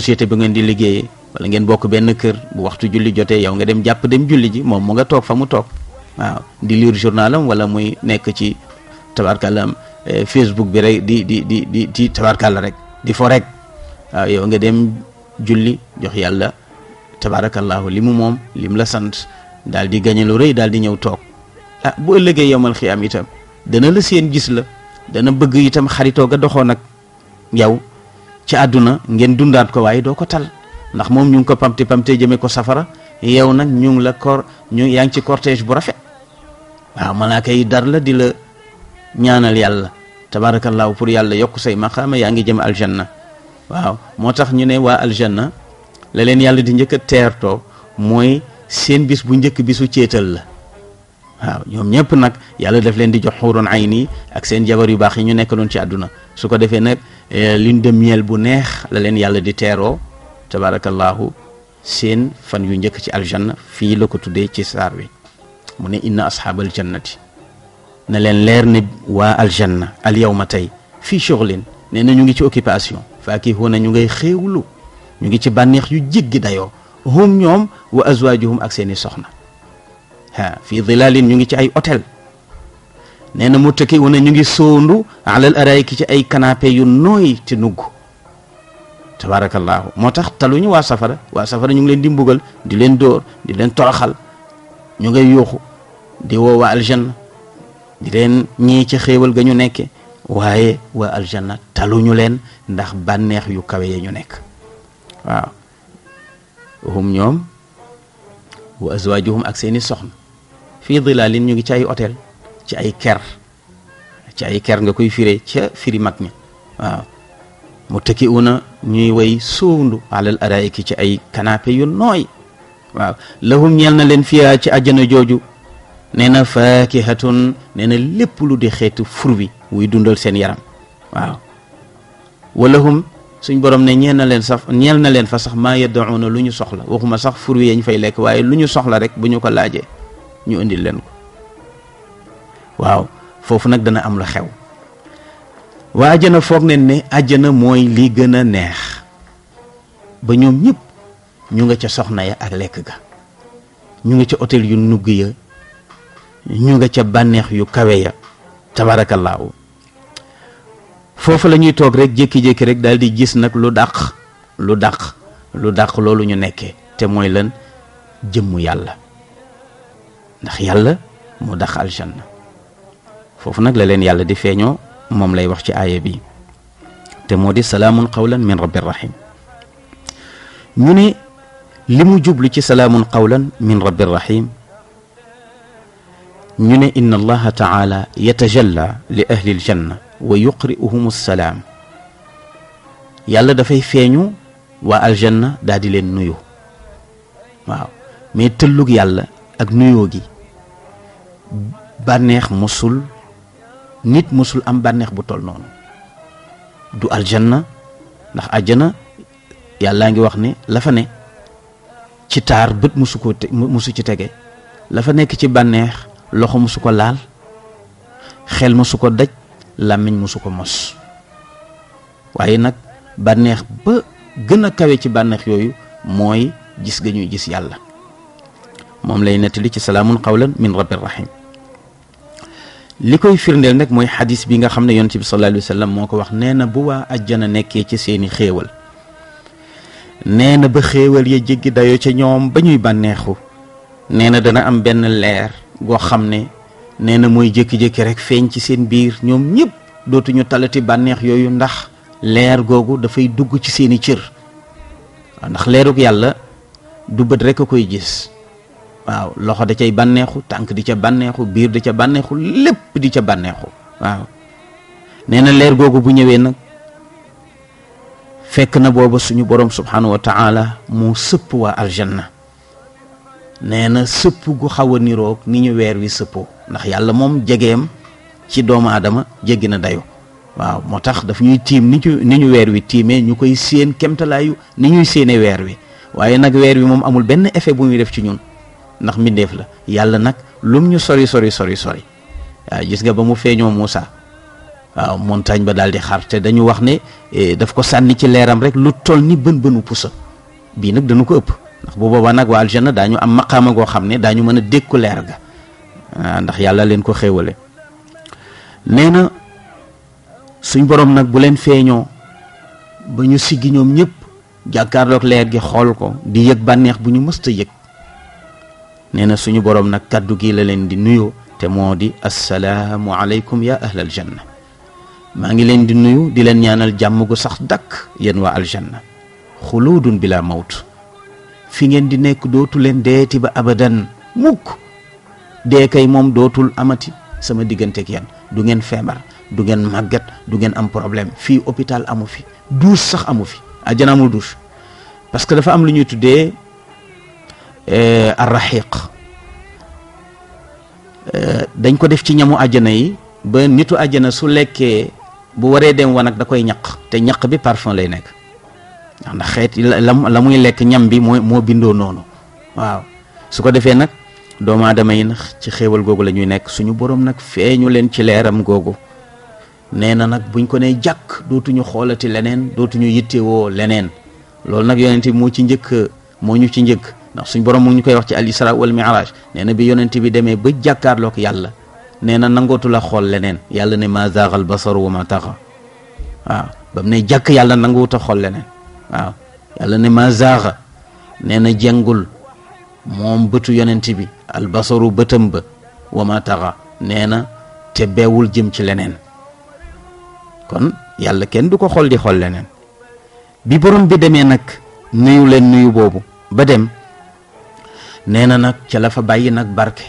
société bi ngeen di liggéeyee wala ngeen bokk benn kër bu waxtu julli jotee yow nga dem jàpp dem julli ji moom mu nga toog fa mu toog waaw di lire journalam wala muy nekk ci tabarkalam eh, Facebook bi rek di di di di di tabarkalla rek di fo rek waaw yow nga dem julli jox yàlla tabarakallahu li mu moom lim la sant daal di gañe lu rëy daal di ñëw toog ah bu ëllëgee yowmal am itam dana la seen gis la dana bëgg itam xaritoo ga doxoon nag yow ci àdduna ngeen dundaat ko waaye doo ko tal ndax moom ñu ngi ko pamti pamte jëmee ko safara yow nag ñu ngi la kor ñu yaa ngi ci cortège bu rafet waaw malaaka yi dar la di la ñaanal yàlla tabaarakallaahu pour yàlla yokk say maqaama yaa ngi jëm aljanna waaw moo tax ñu ne waa aljanna la leen yàlla di njëkk a teertoo mooy seen bis bu njëkk bisu céetal la waaw ñoom ñëpp nag yàlla def leen di jox ay ayni ak seen jabar yu baax yi ñu nekkaloon ci àdduna su ko defee nag eh, lune de miel bu neex la leen yàlla di teeroo tabaarakallaahu seen fan yu njëkk ci aljanna fii la ko tuddee ci saar wi mu ne inna asxaabal jannati na leen leer ne waa aljanna al yawma tey fii shughulin nee na ñu ngi ci occupation faakihuuna ñu ngay xéewlu ñu ngi ci bànneex yu jéggi dayoo hum ñoom wa azwaajuhum ak seeni soxna ha fii ñu ngi ci ay hôtel nee na mu tëkki wane ñu ngi sóondu alal ci ay canapé yu nooy ti nugg tabaarakallaahu moo tax taluñu waa safara waa safara ñu ngi leen di di leen dóor di leen toroxal ñu ngay yooxu di woo waa aljanna di leen ñii ci xéewal ga ñu nekke waaye waa aljanna taluñu leen ndax bànneex yu kawe ya ñu nekk waaw hum ñoom wa azwaajuhum ak seeni soxna fii dilaalin ñu ngi ci ay hôtel ci ay ker ci ker nga koy firee ca firi mag ña waaw mu tëkki una ñuy way sóowndu alal araiki ci ay canapé yu nooy waaw lahum ñeel na leen fiyaa ci àjjana jooju nee na faakihatun nee lépp lu di xeetu fur bi wuy dundal seen yaram waaw walahum suñ borom ne ñeel leen sax ñeel na leen fa sax maa yaddauna lu ñu soxla waxuma sax fur wi yañ fay lekk waaye lu ñu soxla rek bu ñu ko laajee ñu indil leen waaw foofu nag dana am la xew waa àjjana foog nañ ne àjjana mooy li gën a neex ba ñoom ñëpp ñu nga ca soxna ya ak lekk ga ñu nga ca hôtel yu nugg ya ñu nga ca bànneex yu kawe ya tabarakallaahu foofu la ñuy toog rek jékki-jékki rek daal di gis nag lu dàq lu dàq lu dàq loolu ñu nekkee te mooy lan jëmmu yàlla ndax yàlla mu dàq aljanna foofu nag la leen yàlla di feeñoo moom lay wax ci aaya bi te moo di salaamun qawlan min rabbir rahim ñu ni li mu jublu ci salaamun qawlan min rabbir rahim ñu ne inna allaha taala yatajalla li ahli aljanna wa yàlla dafay feeñu wa aljanna daal di leen nuyu waaw mais tëllug yàlla ak nuyoo gi bànneex musul nit mësul am bànneex bu toll noonu du aljanna ndax àjjana yàllaa ngi wax ni lafa ne ci taar bët mësu ko mësu ci tege lafa nekk ci bànneex loxo mësu ko laal xel mësu ko daj làmmiñ mësu ko mos waaye nag bànneex ba gën a kawe ci bànneex yooyu mooy gis ga ñuy gis yàlla moom lay nettali ci salaamun qawlan min rabbir rahim li koy firndeel nag mooy xadis bi nga xam ne ci bi sallallahu alayhi wa sallam moo ko wax nee na bu waa ajjana nekkee ci seeni xéewal nee na ba xéewal ya jéggi dayoo ca ñoom ba ñuy bànneexu nee na dana am benn leer goo xam ne nee na mooy jékki-jékki rek feeñ ci seen biir ñoom ñëpp dootuñu talati bànneex yooyu ndax leer googu dafay dugg ci seeni cër ndax leerug yàlla du bët rek a koy gis waaw loxo da cay bànneexu tànk di ca bànneexu biir di ca bànneexu lépp di ca bànneexu waaw nee na leer googu bu ñëwee nag fekk na booba suñu borom subhanahu wa taala mu sëpp waa aljanna nee na sëpp gu xaw a niroog ni ñu weer wi sëppoo ndax yàlla moom jegeem ci doomu aadama jéggi na dayo waaw moo tax daf ñuy tiim ni ñu ni ñu weer wi tiimee ñu koy seen kemtalaayu ni ñuy séene weer wi waaye nag weer wi moom amul benn effet bu muy def ci ñun ndax mbindeef la yàlla nag lum ñu sori sori sori sori waaw gis nga ba mu feeñoo muusa waaw montagne ba daal di xar te dañu wax ne eh, daf ko sànni ci leeram rek lu toll ni bën bënu pusa bii nag dañu ko ëpp ndax bu boobaa nag waa aljanna daañu am maqaama goo xam ne daañu mën a dékku leer ga ndax yàlla leen ko xéewale nee na suñ borom nag bu leen feeñoo ba ñu siggi ñoom ñëpp jàkkaarloog leer gi xool ko di yëg bànneex bu ñu mësta yëg nee na suñu boroom nag kàddu gii la leen di nuyoo te moo di assalaamu aleykum yaa ahlal janna maa ngi leen di nuyu di leen ñaanal jàmm gu sax dàkk yéen waa aljanna xuluudun bilaa mawt fi ngeen di nekk dootu leen deeti ba abadan mukk dee kay moom dootul amati sama digganteeg yéen du ngeen feebar du ngeen màggat du ngeen am problème fii hôpital amu fi douche sax amu fi àjjana amul douche parce que dafa am lu ñuy tuddee Eh, arraxiq eh, dañ ko def ci ñamu àjjana yi ba nitu àjjana su lekkee bu waree dem wa nag da koy ñaq te ñaq bi parfum lay nekk ndax xeet la muy lekk ñam bi mooy moo bindoo noonu waaw su ko defee nag doomu aadama yi ci xéewal googu la ñuy nekk suñu borom nag feeñu leen ci leeram googu nee na nag buñ ko nee jàkk dootuñu xoolati leneen dootuñu yittewoo leneen loolu nag yonent bi moo ci njëkk moo ñu ci njëkk ndax suñ borom mu ngi ñu koy wax ci al mi wal neena bi yonent bi demee ba jàkkaarloog yàlla nee na nangootu la xool leneen yàlla ne maa zaaxal basar wa ma taxa waaw ba jàkk yàlla nanguwut xool leneen waaw yàlla zaaxa nee na jengul moom bëtu yonent bi al basaru bëtam ba wa ma taxa nee na te jëm ci leneen kon yàlla kenn du ko xool di xool leneen bi borom bi demee nag nuyu leen nuyu boobu ba dem nee na nag ca la fa bàyyi nag barke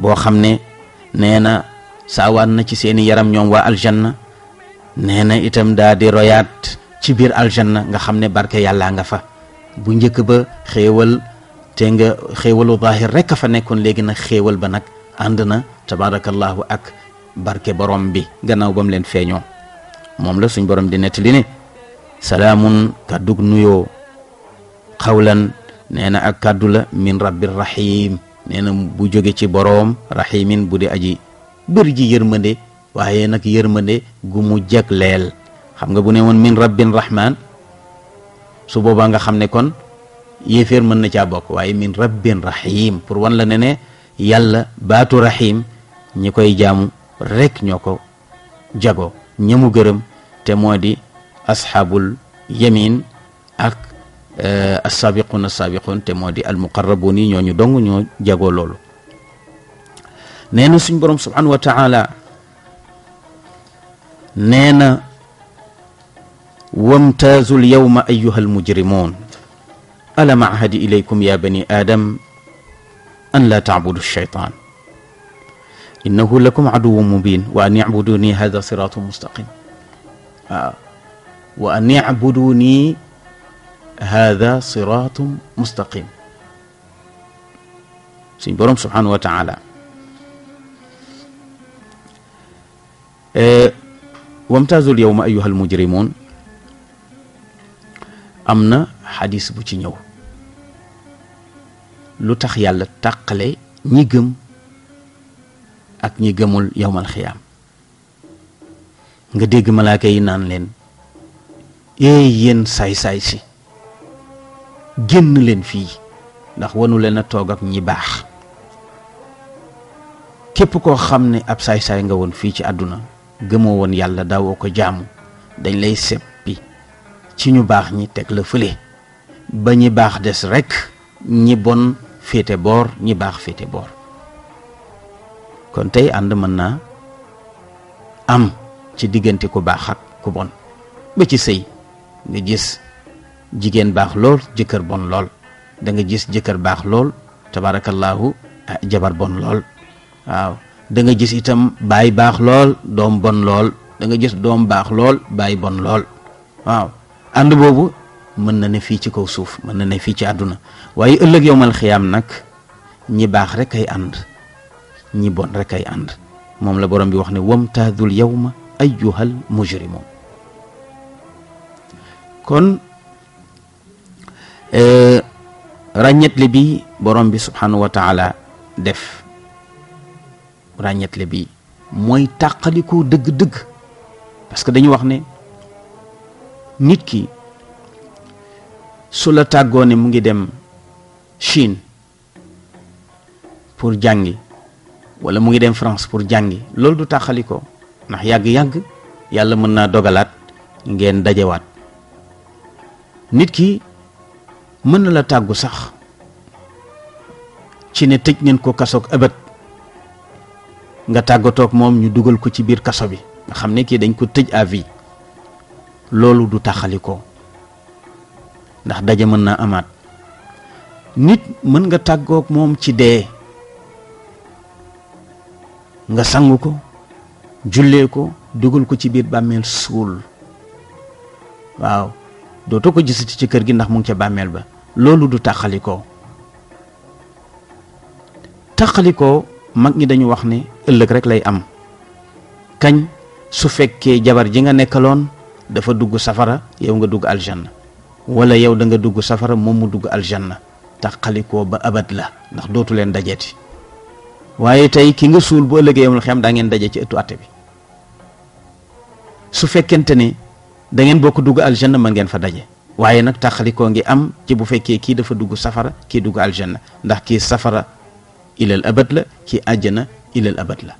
boo xam ne nee na saawaan ci seeni yaram ñoom waa aljanna nena itam daa di royaat ci biir aljanna nga xam ne barke yàllaa nga fa bu njëkk ba xéewal tenga nga xéewalu rek rekk a fa nekkoon léegi nag xéewal ba nag ànd na tabaarakallaahu ak barke borom bi gannaaw ba mu leen feeñoo moom la suñ borom di nettali ne salaamun kàddug nuyoo xawlan nee na ak kàddu la min rabbi rahim nee na bu jóge ci boroom rahimin bu di aji bëri ji yërmande waaye nag yërmande gu mu leel xam nga bu ne woon min rabbin rahman su boobaa nga xam ne kon yéeféer mën na caa bokk waaye min rabbin rahim pour wan la ne ne yàlla baatu rahim ñi koy jaamu rek ñoo ko jago ñamu gërëm te moo di asxaabul yamin ak Eh, assabiquna sabiqun te moo di almuqarrabun yi ñooñu dong ñoo jagoo loolu nee na suñ borom subhanahu wa taala nee na wamtaazul yawma ayuha almujrimun alam ahadi ilaykum ya bani adam an laa tacbudu alcheytan innahu lakum caduwu mubin wa an yacbuduni hada siraatu mustaqim waaw ah. wa an yacbuduni hada siraatum mustaqim suñ boroom subhaanahu wa taala wamtaazul yowma ayuhal mujrimoon am na xadis bu ci ñëw lu tax yàlla tàqale ñi gëm ak ñi gëmul yowmal xiyaam nga dégg malaaka yi naan leen éey yéen saay-saay si génn leen fii ndax wanu leen a toog ak ñi baax képp koo xam ne ab saay-saay nga woon fii ci àdduna gëmoo woon yàlla daawoo ko jàmm dañ lay seppi ci ñu baax ñi teg la fële ba ñi baax des rekk ñi bon féete boor ñi baax féete boor kon tey ànd mën naa am ci diggante ku baax ak ku bon ba ci sëy nga gis jigéen baax lool jëkkër bon lool da nga gis jëkkër baax lool tabaarakallaahu ah, jabar bon lool waaw danga nga gis itam baay baax lool doom bon lool danga nga gis doom baax lool baay bon lool waaw ànd boobu mën na ne fii ci kaw suuf mën na ne fii ci àdduna waaye ëllëg yowmal xiyaam nag ñi baax rek ay ànd ñi bon rek ay ànd moom la borom bi wax ne wamtaazul yawma ayyuhal mujrimun kon Euh, ràññetle bi borom bi subhanahu wa def ràññetle bi mooy tàqalikoo dëgg-dëgg parce que dañu wax ne nit ki su la tàggoo ne mu ngi dem Chine pour jàngi wala mu ngi dem France pour jàngi loolu du tàqalikoo ndax yàgg-yàgg yàlla mën naa dogalaat ngeen dajewaat nit ki mën na la tàggu sax ci ne tëj neen ko kasoog abat nga tàggatook moom ñu dugal ko ci biir kaso bi nga xam ne kii dañ ko tëj à vie loolu du taxali ko ndax daje mën naa amaat nit mën nga tàggook moom ci dee nga sangu ko jullee ko dugal ko ci biir bàmmeel suul waaw dootoo ko gisati ci kër gi ndax mu ngi ca bàmmeel ba loolu du tàqalikoo tàqalikoo mag ñi dañu wax ni ëllëg rek lay am kañ su fekkee jabar ji nga nekkaloon dafa dugg safara yow nga dugg aljanna wala yow danga dugg safara moom mu dugg aljanna tàqalikoo ba abad la ndax dootu leen dajeeti waaye tey ki nga suul bu ëllëgee yamul xam daa daje ci ëttu àtte bi su fekkente ni dangeen bokk dugg aljanna mën ngeen fa daje waaye nag taxalikoo ngi am ci bu fekkee kii dafa dugg safara kii dugg aljanna ndax kii safara ilal abad la kii àjjana ilal abad la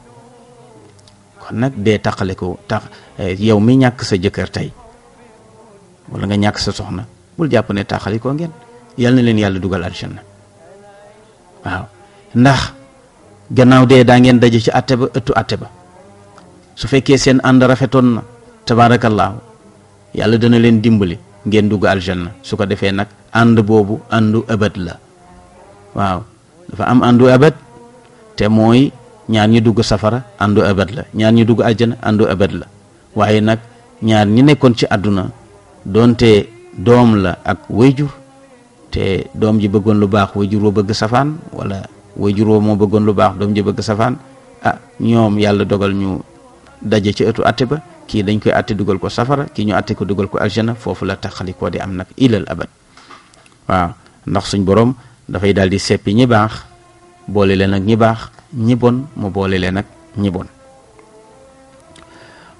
kon nag dee taxalikoo tax eh, yow mi ñàkk sa jëkkër tey wala nga ñàkk sa soxna bul jàpp ne taxalikoo ngeen yàlla na leen yàlla dugal aljanna waaw ndax gannaaw dee daa ngeen daje ci atte ba ëttu atte ba su fekkee seen ànd rafetoon na tabaarakallaahu yàlla dina leen dimbali ngeen dugg na su ko defee nag ànd boobu àndu abad la waaw dafa am àndu abad te mooy ñaar ñi dugg safara àndu abad la ñaar ñi dugg àjjana àndu abad la waaye nag ñaar ñi nekkoon ci àdduna doonte doom la ak wayjur te doom ji bëggoon lu baax wayjur woo bëgg safaan wala wayjur woo moo bëggoon lu baax doom ji bëgg safaan ah ñoom yàlla dogal ñu daje ci ëttu àtte ba kii dañ koy àtte dugal ko safara kii ñu àtte ko dugal ko aljana foofu la taxalikoo di am nag ilal abad waaw ndax suñ boroom dafay dal di seppi ñi baax boole leen ak ñi baax ñi bon mu boole leen ak ñi bon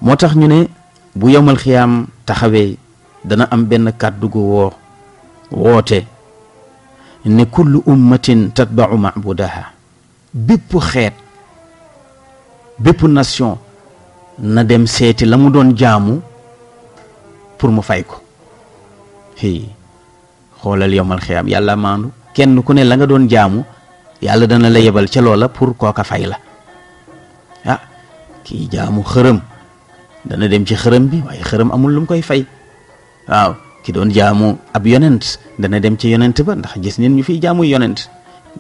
moo tax ñu ne bu yomal xiyaam taxawee dana am benn kàddu gu woo woote ne kullu ummatin tatbau mabudaha bépp xeet bépp nation na dem seeti la mu doon jaamu pour mu fay ko fii xoolal yomal xiyaam yàlla maandu kenn ku ne la nga doon jaamu yàlla dana la yebal ca la pour kooka fay la ah kii jaamu xërëm dana dem ci xërëm bi waaye xërëm amul lum koy fay waaw ki doon jaamu ab yonent dana dem ci yonent ba ndax gis neen ñu fiy jaamu yonent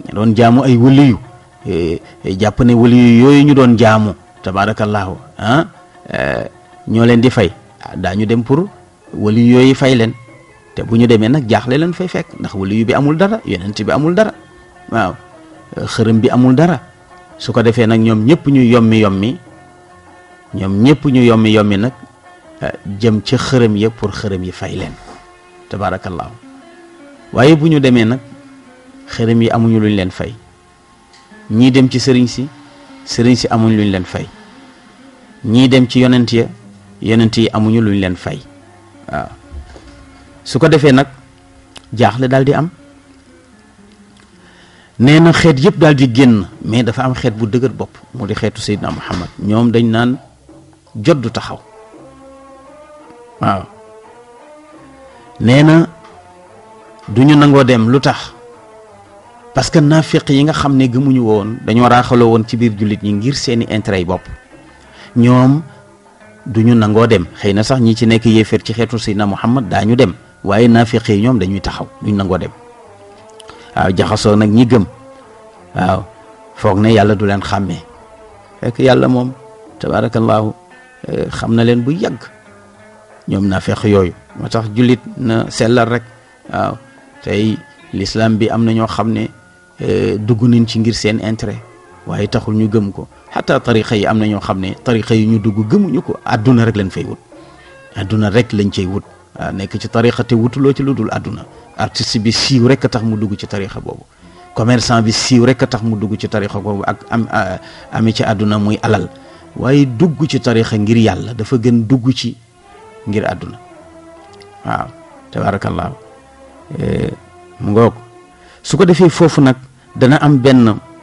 ñu doon jaamu ay waliyu eh, eh, jàpp ne waliyu yooyu ñu doon jaamu tabaarakallaahu Ah, eh, ñoo leen di fay ah, daañu dem pour wali yooyu fay leen te bu ñu demee nag jaaxle leen fay fekk ndax waliyu bi amul dara yonent bi amul dara waaw eh, xërëm bi amul dara su ko defee nag ñoom ñëpp ñu yommi yommi ñoom ñëpp ñu yommi yommi nag eh, jëm ci xërëm ya pour xërëm yi fay leen tabaarakallaahu waaye bu ñu demee nag xërëm yi amuñu luñ leen fay ñii dem ci sëriñ si sëriñ si amuñ luñ leen fay ñii dem ci yonent ya yonent yi amuñu luñ leen fay su ko defee nag jaaxle daal di am nee na xeet yëpp daal di génn mais dafa am xeet bu dëgër bopp mu di xeetu Seydina Muhammad ñoom dañ naan jot du taxaw waaw nee na duñu nangoo dem lu tax parce que naafiq yi nga xam ne gëmuñu woon dañoo raaxaloo woon ci biir jullit ñi ngir seeni intérêt yi bopp ñoom du ñu nangoo dem xëy na sax ñi ci nekk yéeféer ci xeetu Seydina Muhammad daañu dem waaye naafiq yi ñoom dañuy taxaw duñ nangoo dem waaw jaxasoo nag ñi gëm waaw foog ne yàlla du leen xàmmee fekk yàlla moom tabaarakallaahu eh, xam na leen bu yàgg ñoom naafeq yooyu moo tax jullit na sellal rek waaw tey lislaam bi am na ñoo xam ne eh, dugg nañ ci ngir seen intérêt waaye taxul ñu gëm ko xataa tarixa yi am na ñoo xam ne tarixa yi ñu dugg gëmuñu ko àdduna rek lañ fay wut àdduna rek lañ cay wut nekk ci tarixa te wutuloo ci lu dul àdduna artiste bi siiw rek a tax mu dugg ci tarixa boobu commerçant bi siiw rek a tax mu dugg ci tarixa boobu ak am ami ci àdduna muy alal waaye dugg ci tarixa ngir yàlla dafa gën dugg ci ngir àdduna waaw tabaarakallaahu eh, mu ngoog su ko defee foofu nag dana am benn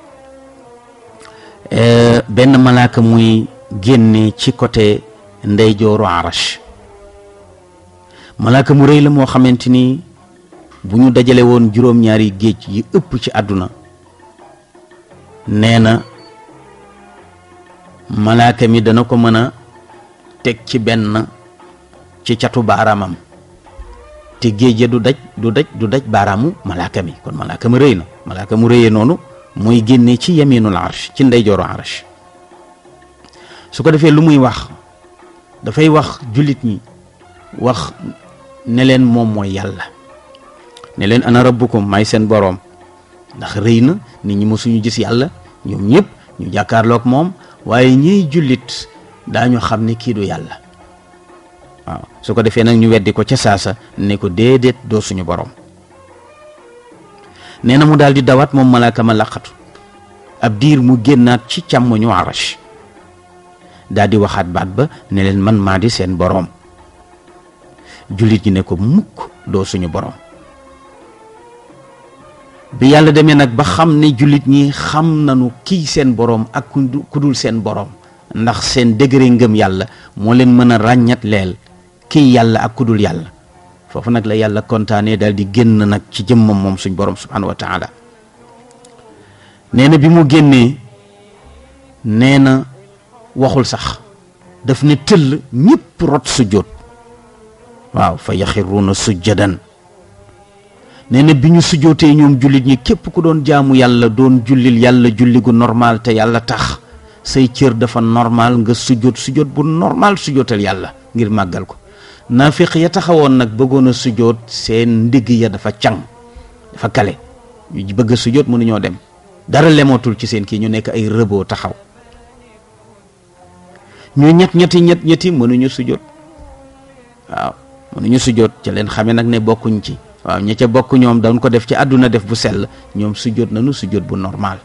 Eh, benn malaaka muy génne ci côté ndeyjooru arash malaaka mu rëy la moo xamante ni bu ñu dajale woon juróom-ñaari géej yi ëpp ci àdduna nee na malaaka mi dana ko mën a teg ci benn ci catu baaraamam te géej ya du daj du daj du daj baaraamu malaaka mi kon malaaka mu na malaaka mu rëyee noonu mooy génne ci yaminul arsh ci ndeyjooru arsh su ko defee lu muy wax dafay wax jullit ñi wax ne leen moom mooy yàlla ne leen ana ko may seen boroom ndax rëy na nit ñi suñu gis yàlla ñoom ñëpp ñu jàkkaarlook moom waaye ñiy jullit daañu xam ni kii du yàlla waaw su ko defee nag ñu weddi ko ca saasa ne ko déedéet doo suñu boroom nee na mu daal di dawaat moom malaaka ma laqatu ab diir mu génnaat ci càmmoñu waa daal daldi waxaat baat ba ne leen man maa di seen boroom jullit yi ne ko mukk doo suñu boroom bi yàlla demee nag ba xam ne jullit ñi xam nañu kii seen boroom ak ku dul seen boroom ndax seen degré ngëm yàlla moo leen mën a ràññet leel kii yàlla ak ku dul yàlla foofu nag la yàlla kontaanee daal di génn nag ci jëmmam moom suñ borom subhanahu wa taala nee na bi mu génnee nee na waxul sax daf ne tëll ñëpp rot sujjóot waaw fa yaxiruuna sujjadan nee na bi ñu sujjootee ñoom jullit ñi képp ku doon jaamu yàlla doon jullil yàlla julli gu normal te yàlla tax say cër dafa normal nga sujjoot sujjoot bu normal sujjootal yàlla ngir màggal ko naafiq ya taxawoon nag bëggoon a sujjoot seen ndigg ya dafa cang dafa kale ñu bëgg a sujjoot mënuñoo dem dara lematul ci seen kii ñu nekk ay rëboo taxaw ñu ñett ñetti ñett ñetti mënuñu sujjoot waaw ñu sujjoot ca leen xamee nag ne bokkuñ ci waaw ña ca bokk ñoom dañ ko def ci àdduna def bu sell ñoom sujjoot nañu sujjoot bu normal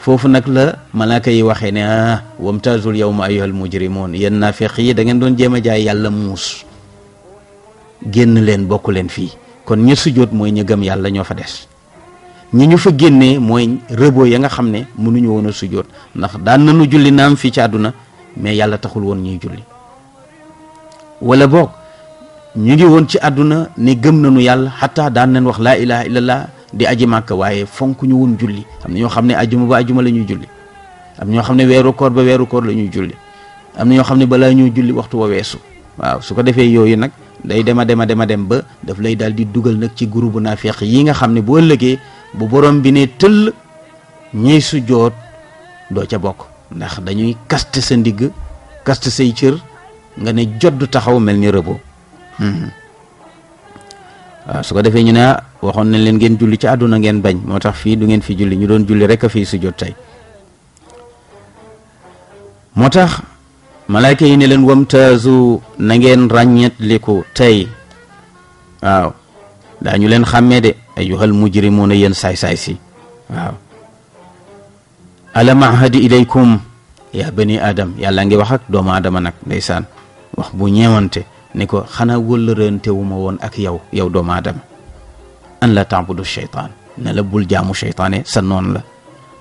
foofu nag la malaaka yi waxee ne ah wamtaazul yawma ayyuhal mujrimun yéen naafeq yi da ngeen doon jéem a jaay yàlla muus génn leen bokk leen fii kon ña sujjóot mooy ña gëm yàlla ñoo fa des ñi ñu fa génnee mooy rëboo ya nga xam ne mënuñu woon a ndax daan nañu julli naam fii ci àdduna mais yàlla taxul woon ñuy julli wala boog ñu ngi woon ci àdduna ne gëm nañu yàlla xataa daan nañ wax laa ilaha illallah di aji màkk waaye fonk ñu woon julli am na ñoo xam ne ajuma ba ajuma la ñuy julli am ñoo xam ne weeru koor ba weeru koor lañuy ñuy julli am na ñoo xam ne balaa ñuy julli waxtu wa weesu waaw su ko defee yooyu nag day dema dema dema dem ba daf lay daal di dugal nag ci groupe bu yi nga xam ne bu bu borom bi ne tëll ñiy joot doo ca bokk ndax dañuy kaste sa ndigg kaste say cër nga ne jodd taxaw mel ni hmm. waaw su ko defee ñu ne waxoon nañ leen ngeen julli ci àdduna ngeen bañ moo tax fii dungeen fi julli ñu doon julli rek a fii sujjóot tey moo tax malaayka yi ne leen wamtaazu na ngeen ràññetliku tey waaw daañu leen xàmmee de ayyuhal mujrimuuna yéen say saay si waaw alam ahadi ilaykum yaa bani adam yàlla ngi wax ak doomu aadama nag ndeysaan wax bu ñeewante ni ko xanaa wëllërante wu ma woon ak yow yow doomu aadama an la taabudu cheytaan ne la bul jaamu cheytaane sa noon la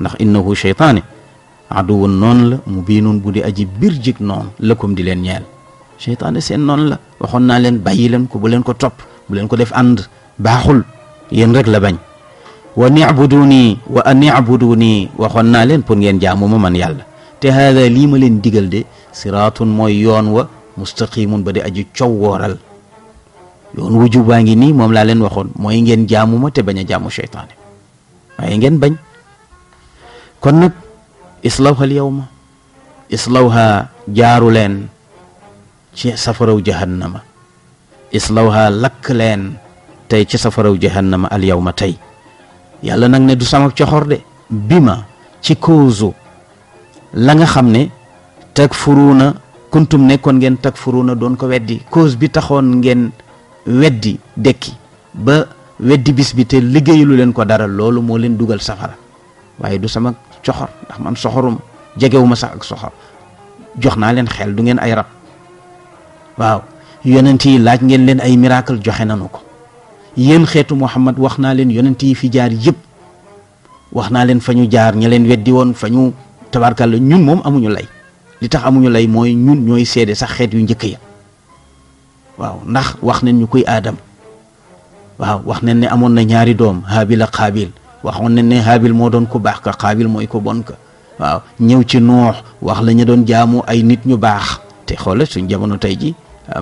ndax innahu cheytaane aduwun noon la mu biinun bu di aji bir jik noonu lëkkum di leen ñeel cheytaane seen noon la waxoon naa leen bàyyi leen ko bu leen ko topp bu leen ko def ànd baaxul yéen rek la bañ wa ni'buduni wa an ni'buduni waxoon naa leen pour ngeen jaamu ma man yàlla te haada lii ma leen digal de siraatun mooy yoon wa mustaqimun ba di aji cow wooral yoon wujub baa ngi nii moom laa leen waxoon mooy ngeen jaamu ma te bañ a jaamu seytaane waaye ngeen bañ kon nag islawha al yawma islawha jaaru leen ci safaraw jahannama islawha lakk leen tey ci safaraw jahannama al yawma tey yàlla nag ne du sama coxor de bi ma ci koosu la nga xam ne takfuruuna kuntum nekkoon ngeen takfuruuna doon ko weddi koos bi taxoon ngeen weddi dekki ba weddi bis bi liggéeyalu leen ko dara loolu moo leen dugal safara waaye du sama coxor ndax man soxoruma jegewuma sax ak soxor jox naa leen xeel du ngeen ay rab waaw yonent yi laaj ngeen leen ay miracle joxe nanu ko yéen xeetu Muhammad wax naa leen yonent yi fi jaar yëpp wax naa leen fa ñu jaar ña leen weddi woon fa ñu tabarkalla ñun moom amuñu lay li tax amuñu lay mooy ñun ñooy seede sax xeet yu njëkk ya waaw ndax wax nañ ñu koy aadam waaw wax nañ ne amoon na ñaari doom haabil ak waxoon nañ ne habil moo doon ku baax ka xaabil mooy ko bon ka waaw ñëw ci nuux wax lañu doon jaamu ay nit ñu baax te xoole suñ jamono tey ji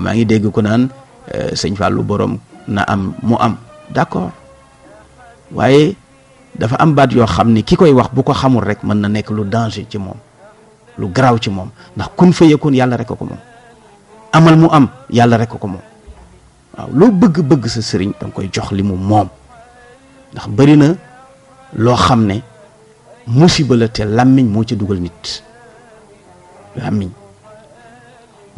maa ngi dégg ko naan eh, sëñ Fallou borom na am mu am d'accord waaye dafa am baat yoo xam ni ki koy wax bu ko xamul rek mën na nekk lu danger ci moom lu garaaw ci moom ndax kun fa yëkkoon yàlla rek ko moom amal mu am yàlla rekk ko moom waaw loo bëgg-bëgg sa sëriñ danga koy jox li mu moom ndax bëri na loo xam ne musiba la te làmmiñ moo ca dugal nit làmmiñ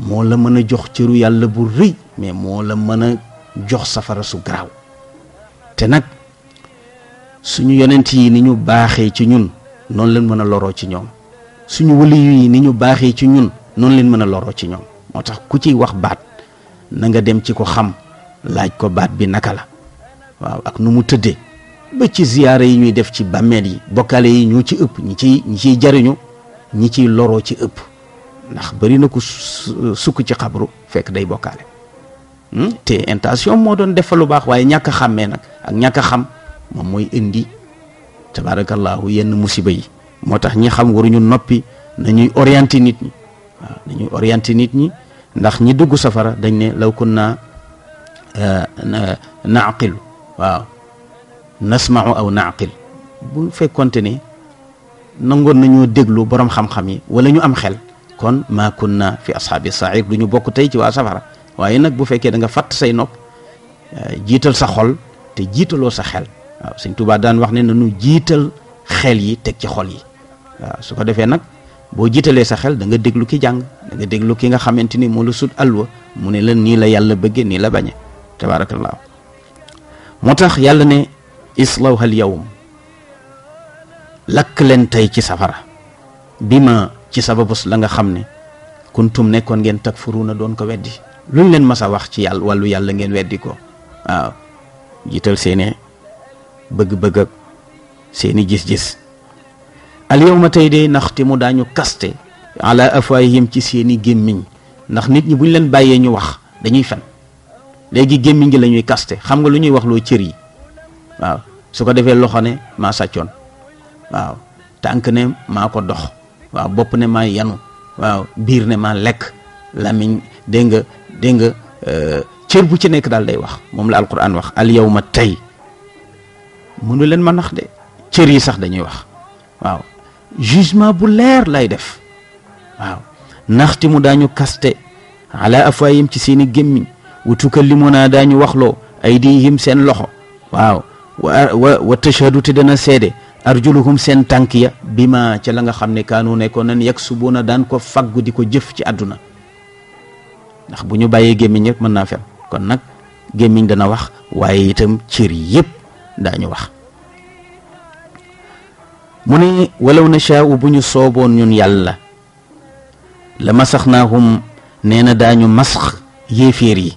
moo la mën a jox cëru yàlla bu rëy mais moo la mën a jox safara su garaaw te nag suñu yonent yi ni ñu baaxee ci ñun noonu leen mën a loroo ci ñoom suñu waliyu yi ni ñu baaxee ci ñun noonu leen mën a loroo ci ñoom moo tax ku ciy wax baat nanga dem ci ko xam laaj ko baat bi naka la waaw ak nu mu tëddee ba ci ziyaara yi ñuy def ci bàmmeel yi bokkaale yi ñu ci ëpp ñi ciy ciy jariñu ñi ciy loroo ci ëpp ndax bari na ko sukk ci xabru fekk day bokkaale hmm? te intention moo doon def fa lu baax waaye ñàkk a xàmmee nag ak ñàkk xam moom mooy indi tabaarakallaahu yenn musiba yi moo tax ñi xam waruñu noppi nañuy orienté nit nit ñi ndax ñi dugg safara dañ ne law kunna euh, naaqilu waaw nasmau aw naaqil bu fekkonte ni nangoon nañoo déglu borom xam-xam yi wala ñu am xel kon maa kunna fi ashaabi sair du ñu bokk tey ci waa safara waaye nag bu fekkee danga nga fàtt say nopp euh, jiital sa xol te jiitaloo sa xel waaw Sëñ Tuubaa daan wax ne na nañu jiital xel yi teg ci xol yi waaw su ko defee nag boo jiitalee sa xel danga déglu ki jàng da nga déglu ki nga xamante ni moo la sut alwa mu ne la nii la yàlla bëgge nii la bañe tabaarakallaahu moo tax yàlla ne islawha al yawm lakk leen tey ci safara bi ma ci sababus la nga xam ne kuntum nekkoon ngeen takfuruuna doon ko weddi luñ leen mas a wax ci yàlla wàllu yàlla ngeen weddi ko waaw jiital seeni bëgg-bëgg seeni jis gis al yawma tey de ndax naxtimu daañu kaste ala afwaahihim ci seeni gémmiñ ndax nit ñi bu ñu leen bàyyee ñu wax dañuy fen léegi gémmiñ gi la ñuy kaste xam nga lu ñuy wax loo cër yi waaw su ko defee loxo ne maa sàccoon waaw tànk ne maa ko dox waaw bopp ne maa yanu waaw biir ne maa lekk làmmiñ dégg nga dégg nga euh, cër bu ci nekk daal day wax moom la alquran wax al yawma tey mënu leen ma nax de cër yi sax dañuy wax waaw jugement bu leer lay def waaw naxti mu daañu kaste ala afwaayim ci seeni gémmiñ wa tukallimunaa daañu waxloo aydihim seen loxo waaw wa wa tashhadu te dana seede arjuluhum seen tànk ya bi ma ca la nga xam ne kaanu nekkoon nan yaksubuuna daan ko faggu di ko jëf ci àdduna ndax bu ñu bàyyee gémmiñ rek mën naa fen kon nag gémmiñ dana wax waaye itam cër yëpp daañu wax mu ne walaw nashaa'u bu ñu sooboon ñun yàlla la masax masaxnaahum nee na daañu masax yéeféer yi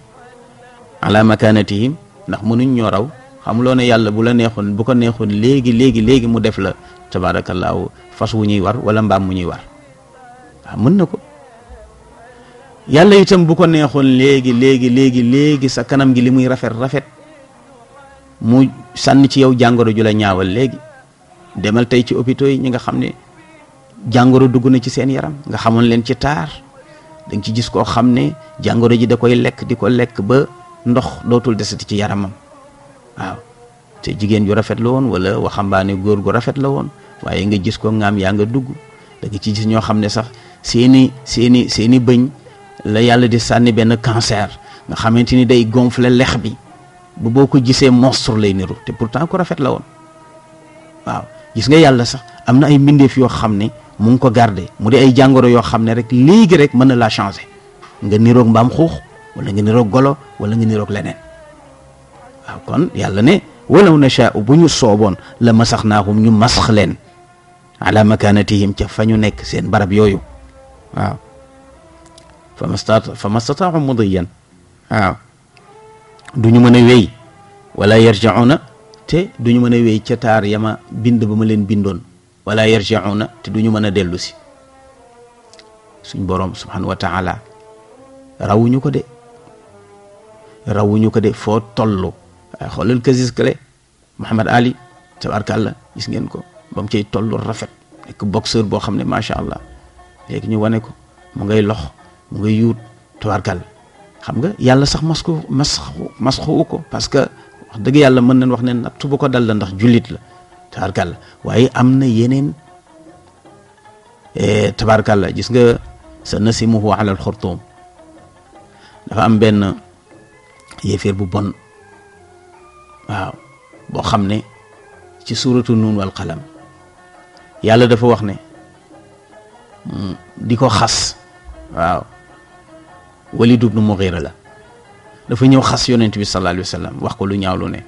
ala makaanatihim ndax mënuñ ñoo raw xamuloo ne yàlla bu la neexoon bu ko neexoon léegi léegi léegi mu def la tabaarakallaahu fas wu ñuy wala mbaam mu ñuy war mën na ko yàlla itam bu ko neexoon léegi léegi léegi léegi sa kanam gi li muy rafet rafet mu sànni ci yow jàngoro ju la ñaawal léegi demal tey ci hôpitaux yi ñi nga xam ne jàngoro dugg na ci seen yaram nga xamoon leen ci taar da nga ci gis koo xam ne jàngoro ji da koy lekk di ko lekk ba ndox dootul desati ci yaramam waaw te jigéen ju rafet la woon wala waxambaane góor gu rafet la woon waaye nga gis ko ngaam yaa nga dugg da nga ci gis ñoo xam ne sax seeni seeni seeni bëñ la yàlla di sànni benn cancer nga xamante ni day gonfle lex bi bu boo ko jisee monstre lay niru te pourtant ku rafet la woon waaw gis nga yàlla sax am na ay mbindeef yoo xam ne mu ngi ko garde mu di ay jàngoro yoo xam ne rek léegi rek mën na laa changer nga nirook mbaam xuux wala nga niroog golo wala nga niroog leneen waaw kon yàlla ne walaw nashaa'u bu ñu sooboon la masaxnaahum ñu masax leen ala makaanatihim ca fa ñu nekk seen barab yooyu waaw fa mastata fa mastataa'u mudiyan waaw du ñu mën a wéy wala yarjauna te ñu mën a wéy ca taar yama bind ba ma leen bindoon wala yarjiuna te du ñu mën a dellu si suñ borom subhanahu wa taala rawuñu ko de rawuñu ko de foo toll waaye xoolal kasis kale Mouhamad Ali tabarkàlla gis ngeen ko ba mu cay toll rafet nekk boxeur boo xam ne macha allah léegi ñu wane ko mu ngay lox mu ngay yuut tabarkàlla xam nga yàlla sax masku masxu masxu ko parce que wax dëgg yàlla mën na wax ne nattu bu ko dal la ndax jullit la tabaarkàlla waaye am na yeneen eh, tabaarkàlla gis nga sa nasimuhu alal xurtuum dafa am benn yéeféer bu bon waaw boo xam ne ci suuratu nuun wal qalam yàlla dafa wax ne mm, di ko xas waaw Walid ibnu Mugiira la dafa ñëw xas yonent bi sallallahu alayhi wax ko lu ñaaw lu ne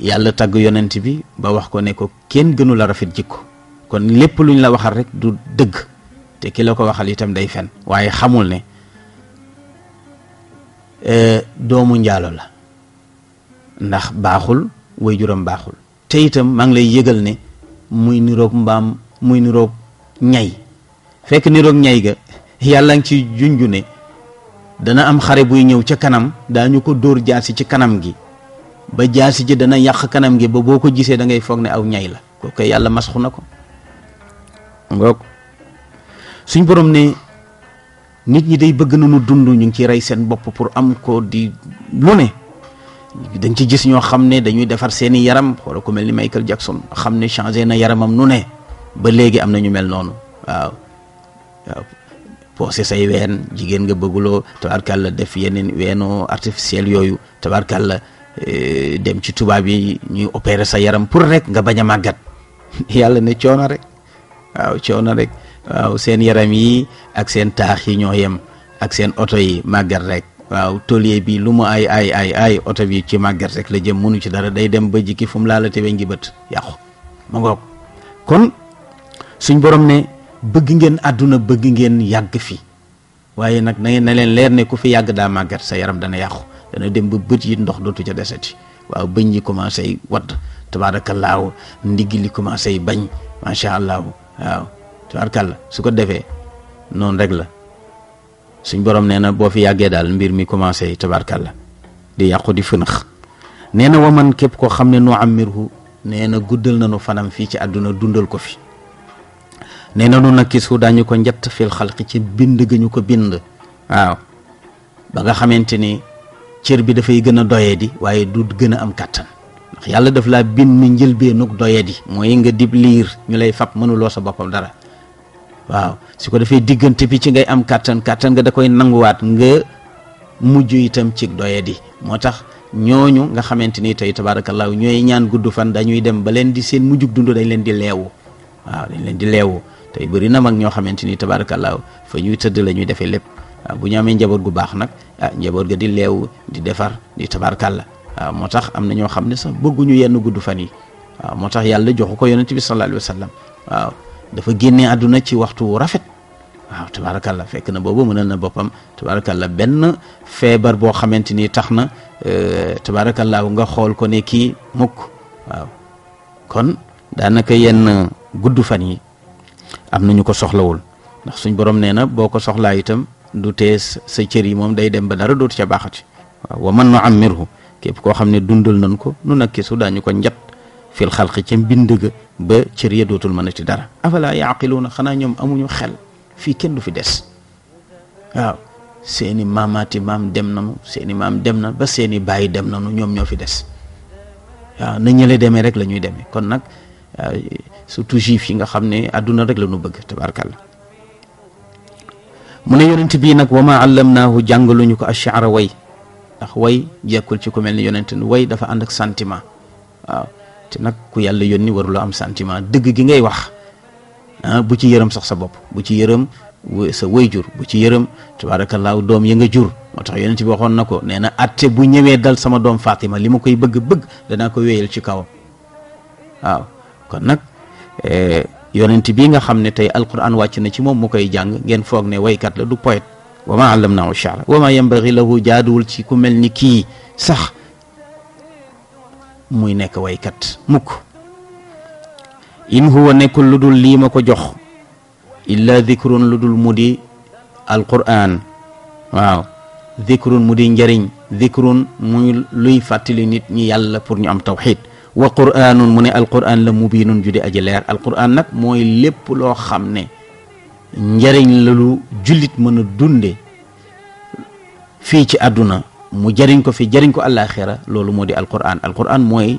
yàlla tàgg yonent bi ba wax ko ne ko kenn gënu la rafet jikko kon lépp luñ la waxal rek du dëgg te ki la ko waxal itam day fen waaye xamul ne euh, doomu njaalo la ndax baaxul waajuram baaxul te itam maa lay yëgal ne muy niroog mbaam muy niroog ñay fekk niroog ñay ga yàlla ngi ci junju ne dana am xare buy ñëw ca kanam daañu ko dóor jaasi ci kanam gi ba jaasi ji dana yàq kanam gi ba boo ko gisee da ngay foog ne aw ñay la kooku yàlla masxu na ko ngoog suñ boroom ne nit ñi day bëgg na nañu dund ñu ngi ciy rey seen bopp pour am ko di lu ne dañ ci gis ñoo xam ne dañuy defar seeni yaram xoola ku mel ni Michael Jackson xam ne changé na yaramam nu ne ba léegi am na ñu mel noonu waaw poosé say ween jigéen nga bëgguloo tabarkàlla def yeneen weeno artificiel yooyu te tabarkàlla eh, dem ci tubaab yi ñuy opere sa yaram pour rek nga bañ a màggat yàlla ne coono rek waaw coono rek waaw seen yaram yi ak seen taax yi ñoo yem ak seen oto yi màggat rek waaw tôlier bi lu mu ay ay ay ay oto bi ci màggat rek la jëm mënu ci dara day dem ba jikki fu mu laala te weñ gi bët yàqu kon suñ borom ne bëgg ngeen àdduna bëgg ngeen yàgg fi waaye nag na ngeen leen leer ne ku fi yàgg daa màggat sa yaram dana yàqu dana dem ba bët yi ndox dootu ca desati waaw bëñ yi commencé wadd tabaarakallaahu ndigg li commencé bañ macha allah waaw tabaarakalla su ko defee noonu rek la suñ borom nee na boo fi yàggee daal mbir mi commencé tabaarakalla di yàqu di fënax nee na waman képp koo xam ne noo am mirhu nee na guddal nañu fanam fii ci àdduna dundal ko fi nee na nu nakkisu daañu ko njett fil xalqi ci bind gi ñu ko bind waaw ba nga xamante ni cër bi dafay gën a doyee di waaye du gën a am kàttan ndax yàlla def laa bind njëlbeenug doyee di mooy nga dib liir ñu lay fab mënuloo sa boppam dara waaw su ko defee diggante bi ci ngay am kàttan kàttan nga da koy nanguwaat nga mujj itam ci doyee di moo tax ñooñu nga xamante ni tey tabaarakallaahu ñooy ñaan gudd fan dañuy dem ba leen di seen mujjug dund dañ leen di leewu waaw dañ leen di leewu tey bari na mag ñoo xamante ni tabaarakallaahu fa ñuy tëdd la ñuy defee lépp ah, bu ñu amee njaboot gu baax nag ah njaboot ga di leew di defar di tabaarakalla waaw ah, moo tax am na ñoo xam ne sax bëgguñu yenn gudd fan yi waaw ah, moo tax yàlla joxu ko yonent bi sallallaahu alayhi waaw dafa génne àdduna ci waxtu wu rafet waaw tabaarakalla fekk na boobu mënal na boppam tabaarakalla benn feebar boo xamante ni tax na eh, tabaarakallaahu nga xool ko ne kii mukk waaw kon daanaka yenn gudd fan yi am na ñu ko soxlawul ndax suñ borom nee na boo ko soxlaa itam du tees sa cër yi moom day dem ba dara dootu ca baaxati waaw wa man nu ammirhu képp koo xam ne dundal nañ ko nu nakki su daañu ko njat fil xalqi ca mbind ga ba cër ya dootul mënati dara afala yaaqiluuna xanaa ñoom amuñu xel fii kenn du fi des waaw seeni maamaati maam dem nanu seeni maam dem na ba seeni bàyyi dem nanu ñoom ñoo fi des waaw na ñële demee rek lañuy ñuy demee kon nag surtout juif yi nga xam ne àdduna rek la ñu bëgg tabaarkàlla mu ne yonent bii nag wa ma allamnaahu ñu ko ashaara way ndax way jekkul ci ku mel ni yonent ni way dafa ànd ak santiment waaw te nag ku yàlla yónni warula am santiment dëgg gi ngay wax ah, bu ci yërëm sax sa bopp bu ci yërëm sa way jur bu ci yërëm tabaarakallaahu doom ya nga jur moo tax yonent bi waxoon na ko nee na atte bu ñëwee dal sama doom Fatima li ma koy bëgg-bëgg dana ko wéyal ci kawam Eh, yonent bii nga xam ne tey alquran wàcc na ci moom mu koy jàng ngeen foog ne waykat la du poète wa ma allamnaahu shi'ra wa ma yanbaghi lahu jaaduwul ci ku mel ni kii sax muy nekk waykat mukk in huwa nekkul lu dul lii ma ko jox illa dikrun lu dul mu di alquran waaw dikrun mu di njëriñ dikrun mu luy fàttali nit ñi yàlla pour ñu am tawxid wa quraanun mu ne alquran la mubiinun ju di aji leer alquran nag mooy lépp loo xam ne njariñ la lu jullit mën a dunde fii ci àdduna mu jariñ ko fi jariñ ko àllaaxira loolu moo di alquran alquran mooy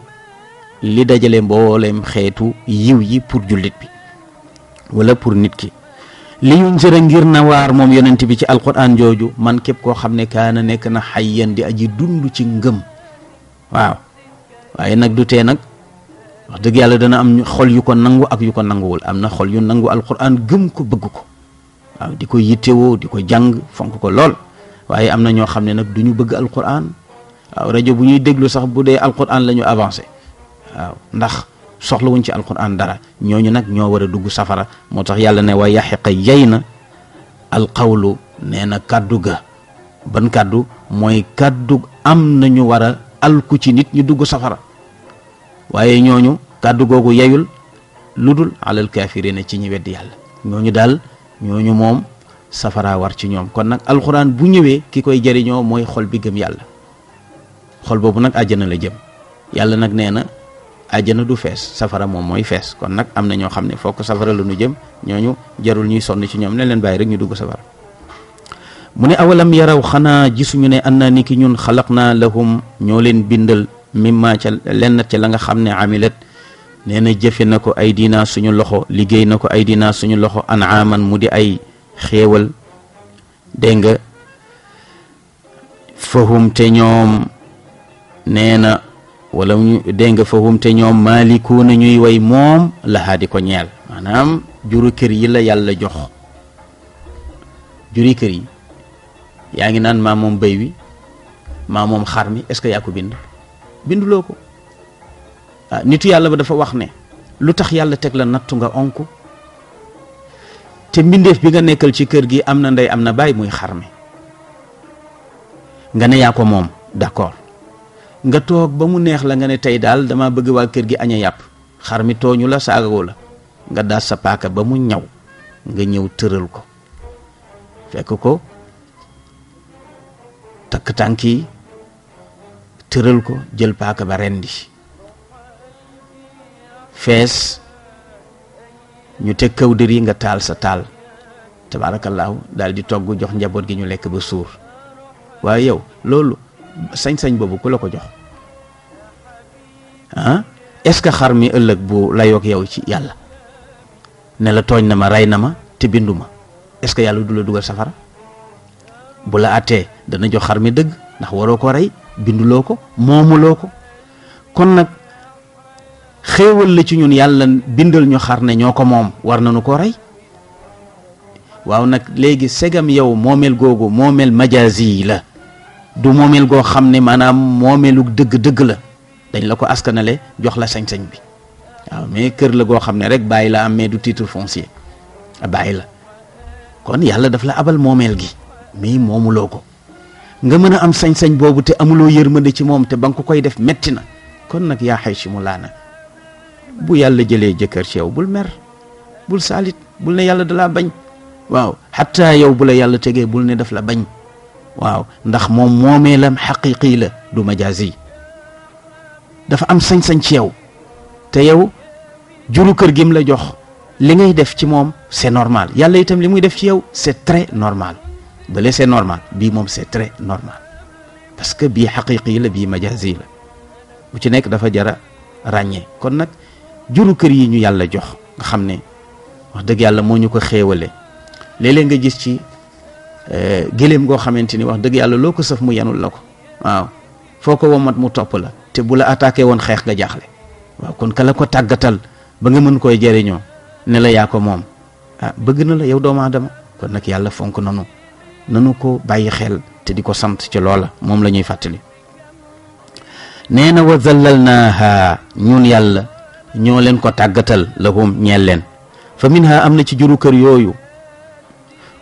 li dajale mboolem xeetu yiw yi pour jullit bi wala pour nit ki li yunsira ngir na waar moom yonent bi ci alquran jooju man képp koo xam ne kaana nekk na xayyan di aji dund ci ngëm waaw waaye nag du tee nag wax dëgg yàlla dana am xol yu ko nangu ak yu ko nanguwul am na xol yu nangu alquran gëm ko bëgg ko waaw di ko yittewoo di ko jàng fonk ko lool waaye am na ñoo xam ne nag du ñu bëgg alquran waaw rajo bu ñuy déglu sax bu dee alquran la ñu avancé waaw ndax soxlawuñ ci alquran dara ñooñu nag ñoo war a dugg safara moo tax yàlla ne wa yaxiqa yey na alqawlu nee na kàddu ga ban kàddu mooy kàddu am nañu war a alku ci nit ñu dugg safara waaye ñooñu kàddu googu yeyul lu dul alal kaafirina ci ñi weddi yàlla ñooñu daal ñooñu moom safara war ci ñoom kon nag alxuraan bu ñëwee ki koy jariñoo mooy xol bi gëm yàlla xol boobu nag àjjana la jëm yàlla nag nee na àjjana du fees safara moom mooy fees kon nag am na ñoo xam ne fokk safara la ñu jëm ñu jarul ñuy sonn ci ñoom ne leen bàyyi rek ñu dugg safara mu ne awalam yaraw xanaa gisuñu ne an naa ni ki ñun xalaq naa lahum ñoo leen mimma ca lenn ca la nga xam ne amilat nee na jëfe na ko ay diina suñu loxo liggéey na ko ay diina suñu loxo anaaman mu di ay xéewal dégg nga fahum te ñoom nee na wala ñu nga fahum te ñoom maalikuuna ñuy way moom lahaa ko ñeel maanaam juru kër yi la yàlla jox juri kër yi yaa ngi naan maa moom bay wi maa moom xar mi est-ce que yaa ko bind binduloo ko ah, nit yàlla ba dafa wax ne lu tax yàlla teg la nattu nga onk te mbindeef bi nga nekkal ci kër gi am na ndey am na baay muy xar mi nga ne yaa ko moom d'accord nga toog ba mu neex la nga ne tey daal dama bëgg waa kër gi añ a yàpp xar mi tooñu la saagawu la nga daas sa paaka ba mu ñaw nga ñëw tëral ko fekk ko takk tànk yi tëral ko jël paaka ba rendi fees ñu teg kaw dër yi nga taal sa taal tabaarakallaahu daal di togg jox njaboot gi ñu lekk ba suur waaye yow loolu sañ-sañ boobu ku la ko jox ah est-ce que xar mi ëllëg bu layoog yow ci yàlla ne la tooñ na ma rey na ma te bindu ma est-ce que yàlla du la dugal safara bu la àttee dana jox xar mi dëgg ndax waroo ko rey binduloo ko moomuloo ko kon nag xéewal la ci ñun yàlla bindal ñu xar ne ñoo ko moom war nañu ko rey waaw nag léegi segam yow moomeel googu moomeel majaasi la du moomeel goo xam ne maanaam moomeelu dëgg-dëgg la dañ la ko askanale jox la sañ-sañ bi waaw mais kër la goo xam ne rek bàyyi la am mais du titre foncier bàyyi la kon yàlla daf la abal moomeel gi mais moomuloo ko nga mën a am sañ-sañ boobu te amuloo yërmande ci moom te ba nga ko koy def metti na kon nag yaa xay si mu laana bu yàlla jëlee jëkkër ci yow bul mer bul saalit bul ne yàlla dalaa bañ waaw xataa yow bu la yàlla tegee bul ne daf la bañ waaw ndax moom moomee la xaqiqi la du majaasi dafa am sañ-sañ ci yow te yow juru kër gim la jox li ngay def ci moom c'est normal yàlla itam li muy def ci yow c'est très normal bële c'est normal bii moom c'est très normal parce que bii xaqiqi la bii majazi la bu ci nekk dafa jara ràññee kon nag juru kër yi ñu yàlla jox nga xam ne wax dëgg yàlla moo ñu ko xéewale léeg nga gis ci euh, géléem goo xamante ni wax dëgg yàlla loo ko sëf mu yanul la ko waaw foo ko mat mu topp la te bu la attaqué woon xeex nga jaaxle waaw kon kala ko tàggatal ba nga mën koy jëriñoo ne la yaa ko moom ah, bëgg na la yow doomu aadama kon nag yàlla fonk nanu nanu ko bàyyi xel te di ko sant ci loola moom la ñuy fàttali nee na wa zallalnaaha ñun yàlla ñoo leen ko tàggatal lahum ñeel leen fa minha am na ci juru kër yooyu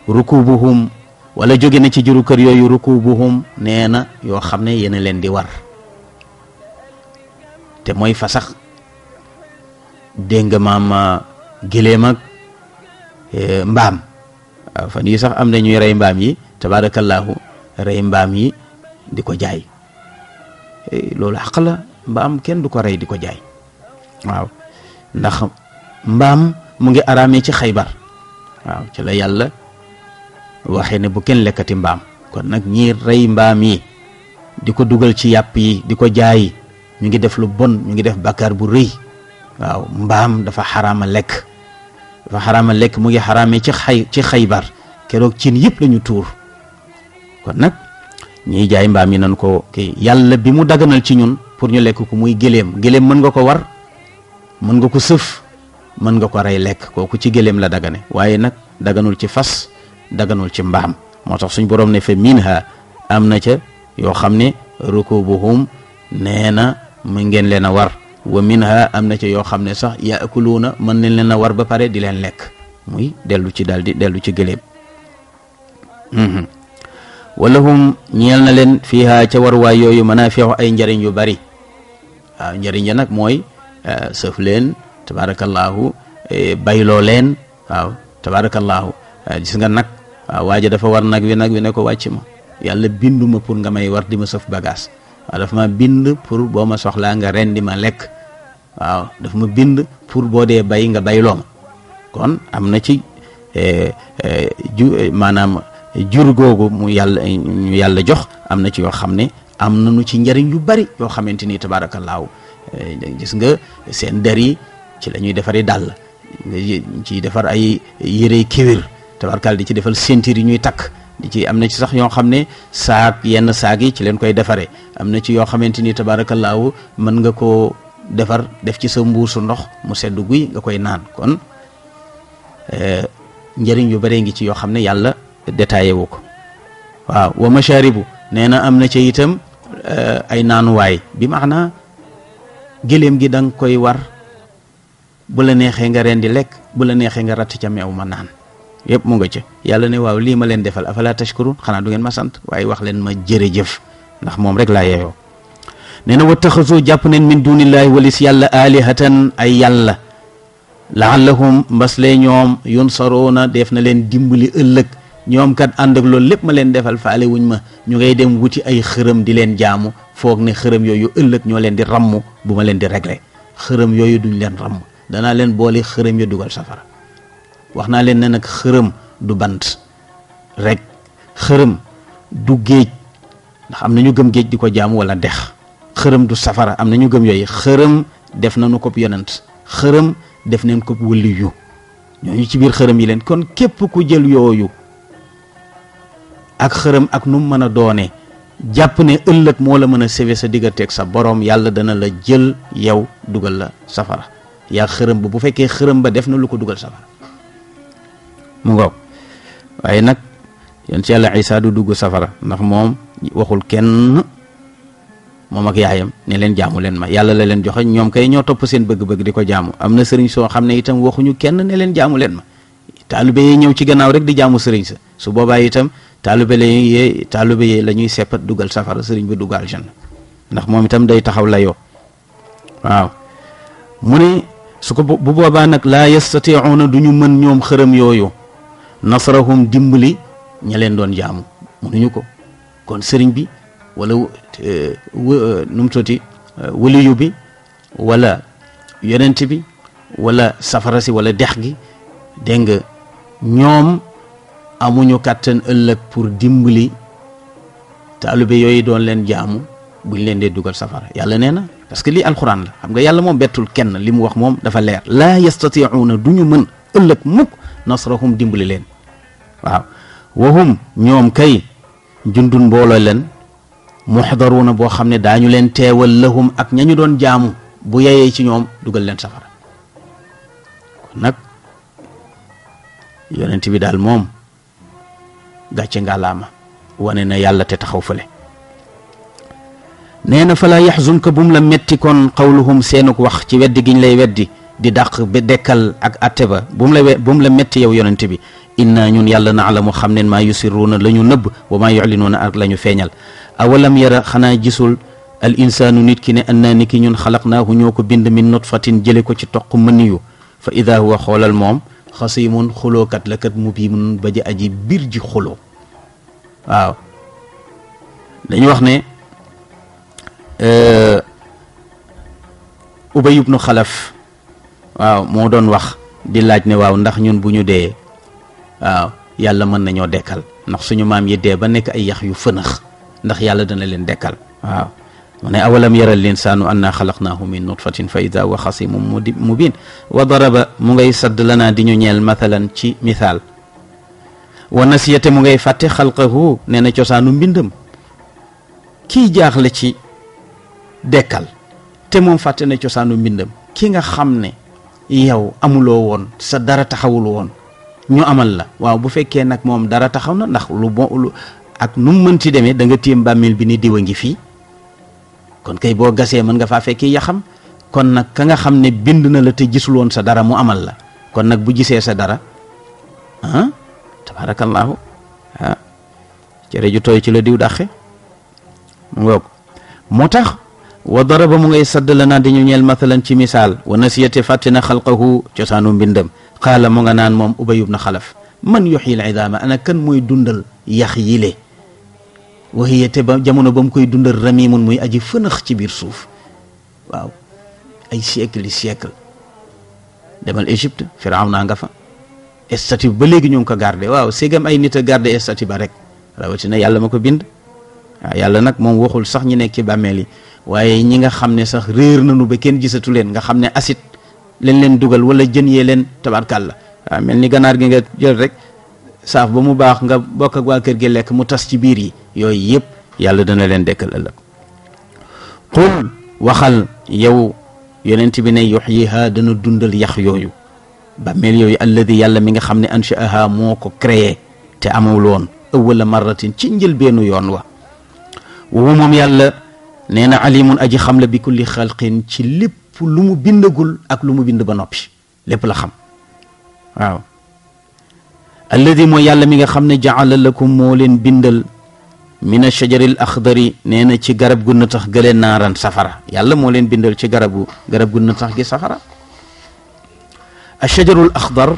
rukubuhum wala jóge na ci juru kër yooyu rukubuhum nee na yoo xam ne yéen leen di war te mooy fa sax dégg nga maam géléem ak eh, mbaam waaw fan yii sax am na ñuy rey mbaam yi tabaarakallaahu rey mbaam yi di ko jaay eh, loolu xaq la mbaam kenn du ko rey di ko jaay waaw ndax mbaam mu ngi araamee ci xaybar waaw ci la yàlla waxee ne bu kenn lekkati mbaam kon nag ñii rey mbaam yi di ko dugal ci yàpp yi di ko jaay ñu ngi def lu bon ñu ngi def bàkkaar bu rëy waaw mbaam dafa xaraama lekk dafa xaraama lekk mu ngi xaraamee ci xay ci xaybar keroog cin yëpp lañu tuur kon nag ñuy jaay mbaam yi nan ko kii yàlla bi mu daganal ci ñun pour ñu lekk ko muy géléem géléem mën nga ko war mën nga ko sëf mën nga ko rey lekk kooku ci géléem la dagane waaye nag daganul ci fas daganul ci mbaam moo tax suñ boroom ne fa minha am na ca yoo xam ne rukubuhum nee na mu ngeen leen a war wa minha am na ca yoo xam ne sax yaakuluuna mën na leen a war ba pare di leen lekk muy dellu ci daal di dellu ci gëléem mhm. walahum ñeel na leen fiiha ca waruwaay yooyu naa manaafiu ay njariñ yu bari njariñ njëriñ nag mooy eh, sëf leen tabaarakallaahu eh, bayloo leen waaw tabaarakallaahu eh, gis nga nag waaw waaja dafa war nag wi nag wi ne ko wàcc ma yàlla bindu ma pour nga may war di ma sëf bagage waaw daf ma bind pour boo ma soxlaa nga rendi ma lekk waaw daf ma bind pour boo dee bay nga bay loo kon am na ci eh, eh, ju eh, maanaam jur googu mu yàlla yàlla jox am na ci yoo xam ne am na nañu ci njariñ yu bari yoo xamante ni tabaarakallaahu gis nga seen der yi ci la ñuy defaree dàll nga ciy defar ay yére kiwir tabarkal di ci defal ceinture yi ñuy takk ci am na ci sax yoo xam ne saag yenn saag yi ci leen koy defaree am na ci yoo xamante ni tabaarakallaahu mën nga koo defar def ci sa mbuusu ndox mu sedd guy nga koy naan kon e, njëriñ yu baree ngi ci yoo xam ne yàlla détaillé wu ko waaw wa masharibu nee na am na ci itam e, ay naanuwaay bi max maana gëléem gi dang koy war bu la neexee nga rendi lekk bu la neexee nga ratt ca meew ma naan yépp mu nga ca yàlla ne waaw lii ma leen defal afala tashkurun xanaa du ngeen ma sant waaye wax leen ma jëf ndax moom rek laa yeeyoo nee na wa taxasoo jàpp nañ min dunillahi walis yàlla alihatan ay yàlla laallahum mbas le ñoom yunsaruuna def na leen dimbali ëllëg ñoom kat ànd ak loolu lépp ma leen defal faale wuñ ma ñu ngay dem wuti ay xërëm di leen jaamu foog ne xërëm yooyu ëllëg ñoo leen di ramm bu ma leen di régler xërëm yooyu duñ leen ramm danaa leen boole xërëm ya dugal safara wax naa leen ne nag xërëm du bant rek xërëm du géej ndax am na ñu gëm géej di ko jaamu wala dex xërëm du safara am na ñu gëm yooyu xërëm def nañu ko yonent xërëm def neen ko ci biir xërëm yi leen kon képp ku jël yooyu ak xërëm ak nu mën a doone jàpp ne ëllëg moo la mën a seve sa diggateeg sa boroom yàlla dana la jël yow dugal la safara yaa xërëm ba bu fekkee xërëm ba def na lu ko dugal safara mu ngoog waaye nag yoon ci yàlla Isa du dugg safara ndax moom waxul kenn moom ak yaayam ne leen jaamu leen ma yàlla la leen joxe ñoom kay ñoo topp seen bëgg-bëgg di ko jaamu am na sëriñ soo xam ne itam waxuñu kenn ne leen jaamu leen ma taalibe yi ñëw ci gannaaw rek di jaamu sëriñ sa su boobaa yitam taalibe la yee taalibe la ñuy seppat dugal safara sëriñ bi dugal janna ndax moom itam day taxaw la yoo waaw mu ne su ko bu boobaa nag laa na du ñu mën ñoom xërëm yooyu nasrahum dimbali ña leen doon jaamu mënuñu ko kon sëriñ bi wala eh, eh, nu mu tuuti eh, waliyu bi wala yonent bi wala safara si wala dex gi dégg nga ñoom amuñu kàttan ëllëg pour dimbali taalube yooyu doon leen jaamu buñ leen dee dugal safara yàlla nee na parce que li alxuraan la xam nga yàlla moom bettul kenn li mu wax moom dafa leer laa yastatiuuna du ñu mën ëllëg mukk nasrahum dimbali leen waaw wahum ñoom kay jundun mbooloo leen muxdaruuna boo xam ne daañu leen teewal lahum ak ñañu doon jaamu bu yayee ci ñoom dugal leen safara kon nag yonent bi daal moom gàcce ngàllaama wane na yàlla te taxaw fële nee na falaa yaxzunka bum la metti kon qawluhum wax ci weddi giñ lay weddi di dàq ba dekkal ak atte ba bu mu la bu mu la metti yow yonent bi inna ñun yàlla naalamu xam ne maa yusirruuna la ñu nëbb wa maa yulinuuna ak la ñu feeñal awalam yara xanaa gisul al nit ki ne annaa ni ki ñun xalaqnaahu ñoo ko bind min nutfatin jële ko ci toq mëniyu fa ida huwa xoolal moom xasimun xulookat la kat mu bii mun ba ji aji biir ji xuloo waaw dañu wax ne euh, ubay ibnu xalaf waaw moo doon wax di laaj ne waaw ndax ñun bu ñu dee waaw yàlla mën nañoo dekkal ndax suñu maam yi dee ba nekk ay yax yu fënax ndax yàlla dana leen dekkal waaw mu ne awalam yara linsaanu annaa xalaqnaahu min nutfatin fa ida wa xasimu mubin wa daraba mu ngay sadd lanaa di ñu ñeel mathalan ci misaal wa mu ngay fàtte xalqahu nee na cosaanu mbindam kii jaaxle ci dekkal te moom fàtte na cosaanu mbindam ki nga xam ne yow amuloo woon sa dara taxawul woon ñu amal la waaw bu fekkee nag moom dara taxaw na ndax lu bon lu ak nu mu mënti demee danga nga tiim bàmmeel bi ni a ngi fii kon kay boo gasee mën nga faa fekki yaxam kon nag ka nga xam ne bind na la te gisul woon sa dara mu amal la kon nag bu gisee sa dara ah tabaarakallaahu ah, cere ju tooy ci la diw dàqe mu ngoog moo tax. wa ba mu ngay sadd la naa di ñu ñeel mathalan ci misaal wa nasiyate fàtte na xalqahu cosaanu mbindam xaala mu nga naan moom ubayub na xalaf man yuxyi l idaama ana kan mooy dundal yax yile wa hiya te ba jamono ba mu koy dundal ramimun muy aji fënax ci biir suuf waaw ay siècle yi demal Égypte firaw naa nga fa statue ba léegi ñu ngi ko garde waaw ségam ay nit a garde statue ba rek rawatina yàlla ma ko bind yàlla nag moom waxul sax ñi nekk ci bàmmeel yi waaye ñi nga xam ne sax réer na nañu ba kenn gisatu leen nga xam ne acide leen leen dugal wala jën yee leen tabarkàlla waaw mel ni ganaar gi nga jël rek saaf ba mu baax nga bokk ak waa kër gi lekk mu tas ci biir yi yooyu yëpp yàlla dana leen dekkal ëllëg qul waxal yow yonent bi ne yuxyiha dana dundal yax yooyu ba bàmmeel yooyu alladi yàlla mi nga xam ne anshaaha moo ko créé te amul woon awwala ci njëlbeenu yoon wa wowu moom yàlla nee na alimun aji xam la bi kulli xalqin ci lépp lu mu bindagul ak lu mu bind ba noppi lépp la xam waaw alladi mooy yàlla mi nga xam ne jaala lakum moo leen bindal min ashajari al axdari nee na ci garab gu natax gële naaran safara yàlla moo leen bindal ci garabu garab gu natax gi safara ashajarul axdar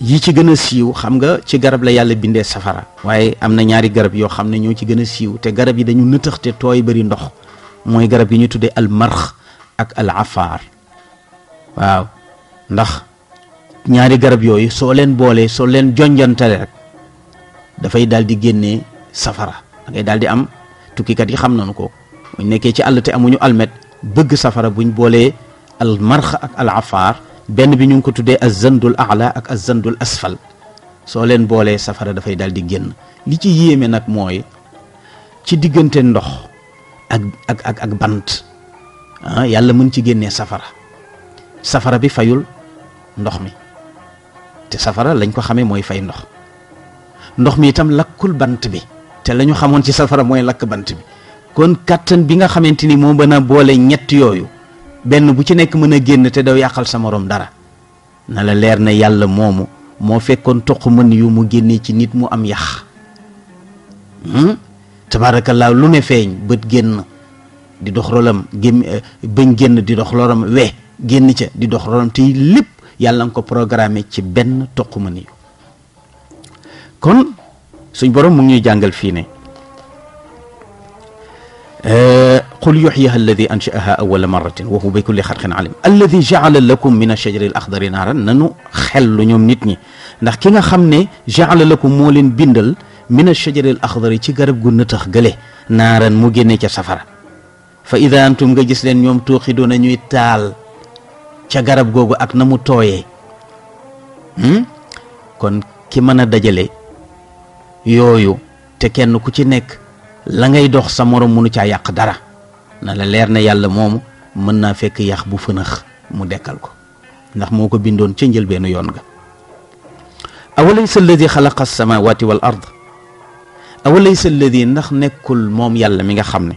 yi ci gën a siiw xam nga ci garab la yàlla bindee safara waaye am na ñaari garab yoo xam ne ñoo ci gën a siiw te garab yi dañu nëtëx te tooy bari ndox mooy garab yi ñu tuddee almarx ak al afaar waaw ñaari garab yooyu soo leen boolee soo leen jonjantale rek dafay daal di génnee safara daal di am tukkikat yi xam nañu ko nekkee ci àll amuñu almet bëgg safara buñ boolee almarx ak al afaar benn bi ñu ngi ko tuddee azandul ala ak azandul asfal soo leen boolee safara dafay dal di génn li ci yéeme nag mooy ci diggante ndox ak ak ak bant ah, yàlla mën ci génnee safara safara bi fayul ndox mi te safara lañ ko xamee mooy fay ndox ndox mi itam lakkul bant bi te lañu xamoon ci safara mooy lakk bant bi kon kàttan bi nga xamante ni moo mën a boole ñett yooyu benn bu ci nekk mën a génn te daw yàqal sa morom dara na la leer na yàlla moomu moo fekkoon toq mën yu mu génnee ci nit mu am yax hmm? tabaarakallaa lu ne feeñ bët génn di dox rolam gém euh, bëñ génn di dox rolam we génn ca di dox rolam te lépp yàlla nga ko programmé ci benn toq mën yu kon suñ boroom mu ngi jàngal fii ne euh, qul yuxyiha alladi anshaaha awala maratin wa huwa bi kulli xalqin alim alladi jaala lakum min ashajari al axdari naaran nanu xel lu ñoom nit ñi ndax ki nga xam ne jaala lakum moo leen bindal min ashajari al axdari ci garab gu nëtax gële naaran mu génne ca safara fa ida antum nga gis leen ñoom tuuxidu na ñuy taal ca garab googu ak na mu tooye hmm? kon ki mën a dajale yooyu te kenn ku ci nekk la ngay dox sa morom mënu caa yàq dara na la leer na yàlla moomu mën naa fekk yax bu fënax mu dekkal ko ndax moo ko bindoon ca njëlbeenu yoon ga awalaysa alladi xalaqa alsamawati wal ard awalaysa alladi ndax nekkul moom yàlla mi nga xam ne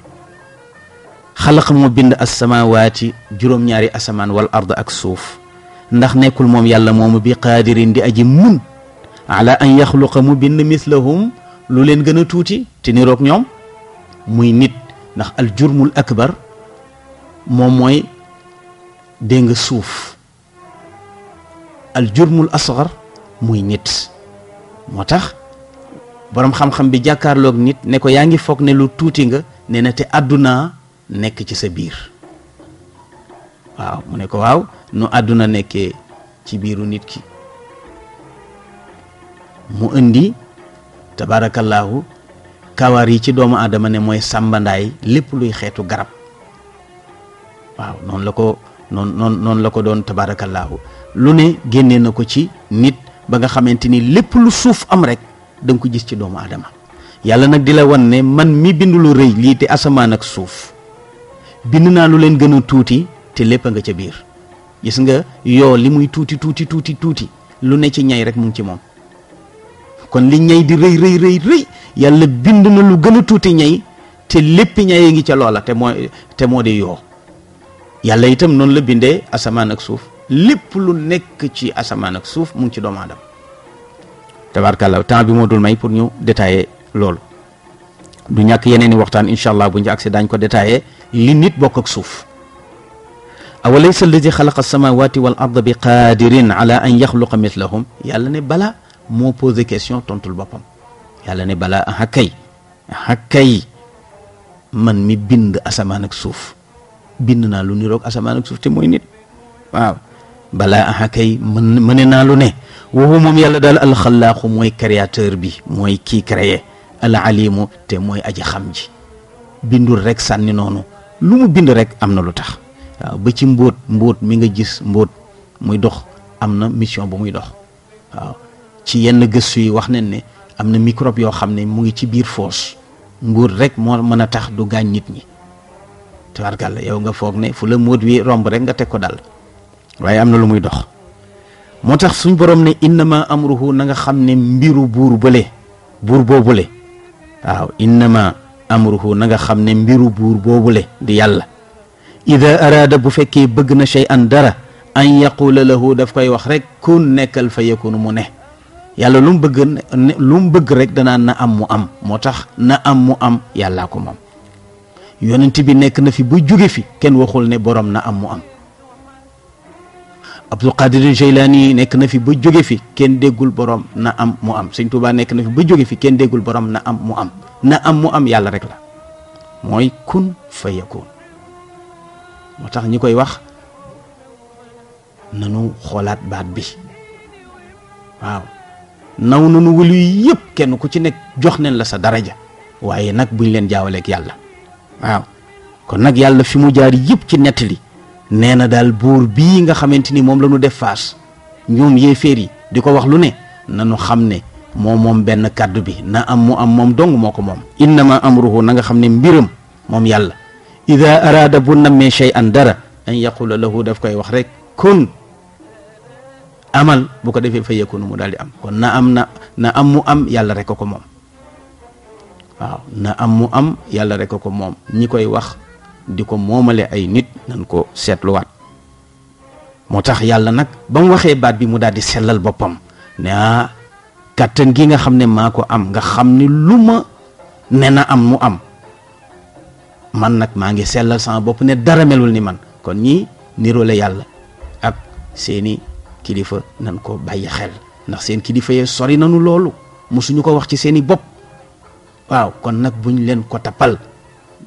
xalaq moo bind alsamawaati juróom-ñaari asamaan wal ard ak suuf ndax nekkul moom yàlla moomu bi qaadirin di aji mun ala an yaxluqa mu bind mislahum lu leen gën a tuuti te niroog ñoom muy nit ndax al akbar moom mooy dégg nga suuf al jurmul asgar muy nit moo tax boroom xam-xam bi jàkkaarloog nit ne ko yaa ngi foog ne lu tuuti nga neena na te àdduna nekk ci sa biir waaw mu ne ko waaw nu àdduna nekkee ci biiru nit ki mu indi tabaarakallaahu kawaar yi ci doomu aadama ne mooy sàmbandaay lépp luy xeetu garab waaw noonu la ko noonu la ko doon tabaarakallaahu lu ne génnee na ko ci nit ba nga xamante ni lépp lu suuf am rek danga ko gis ci doomu aadama yàlla nag di la wan ne man mi bind lu rëy lii te asamaan ak suuf bind naa lu leen gën tuuti te lépp a nga ca biir gis nga yoo li muy tuuti tuuti tuuti tuuti lu ne ci ñay rek mu ngi ci moom kon li ñay di rëy rëy rëy rëy yàlla bind na lu gën a tuuti ñay te lépp ñay a ngi ca loola te moo te moo yoo yàlla itam noonu la bindee asamaan ak suuf lépp lu nekk ci asamaan ak suuf mu ci doomu aadama tabaarkalla temps bi moo dul may pour ñu détailler loolu du ñàkk yeneen i waxtaan incha allah bu ñu agsi daañ ko détaillé li nit bokk ak suuf awalaysa alladi xalaqa alsamawati wal arda bi ala an yaxluqa mislahum yàlla ne bala moo posé question tontul boppam yàlla ne balaa xakkay xakkay man mi bind asamaan ak suuf bind naa lu niroog asamaan ak suuf te mooy nit waaw balaa xakkay mën mëne naa lu ne woowu moom yàlla daal alxalaaqu mooy créateur bi mooy kii créé alalimu te mooy aji xam ji bindul rek sànni noonu lu mu bind rek am na lu tax waaw ba ci mbóot mbóot mi nga gis mbóot muy dox am na mission bu muy dox ci yenn gëstu yi wax nañ ne am na microbe yoo xam ne mu ngi ci biir foos nguur rek moo mën a tax du gaañ nit ñi tabarkàlla yow nga foog ne fu la móot wi romb rek nga teg ko dal waaye am na lu muy dox moo tax suñ borom ne innama amruhu na nga xam ne mbiru buur bële buur boobule waaw innama na nga xam ne mbiru buur boobule di yàlla ida araada bu fekkee bëgg na shay'an dara an yaqula lahu daf koy wax rek kun nekkal fa yakunu mu ne yàlla lu mu bëgg lu mu bëgg rek danaa na am mu am moo tax na am mu am yàllaa ko moom yonent bi nekk na fi bu jóge fi kenn waxul ne borom na am mu am Abdul Qadir Jeylaani nekk na fi ba jóge fi kenn déggul borom na am mu am Sëñ Tuubaa nekk na fi ba jóge fi kenn déggul borom na am mu am na am mu am yàlla rek la mooy kun fa yakun moo tax ñi koy wax nanu xoolaat baat bi waaw naw nanu wëlu yëpp kenn ku ci nekk jox neen la sa daraja waaye nag buñ leen jaawaleek yàlla waaw kon nag yàlla fi mu jaar yépp ci nettali nee na daal buur bii nga xamante ni moom la ñu def faas ñoom yéeféer yi di ko wax lu ne nanu xam ne moom moom benn kàddu bi na am mu am moom dong moo ko moom innama amruhu na nga xam ne mbiram moom yàlla ida araada bu nammee shay an dara an yaqula lahu daf koy wax rek amal bu ko defee fa nu mu daal di am kon na am na na am mu am yàlla rek ko moom waaw am mu am yàlla rek ko moom ñi koy wax di ko moomale ay nit nan ko seetluwaat moo tax yàlla nag ba waxee baat bi mu daal di sellal boppam ne ah kàttan gi nga xam ne maa ko am nga xam ne lu ma ne na am mu am man nag maa ngi sellal sama bopp ne dara melul ni man kon ñii niroole yàlla ak seeni kilifa nan ko bàyyi xel ndax seen kilifa yee sori nanu loolu mosuñu ko wax ci seeni bopp waaw kon nag buñ leen ko tappal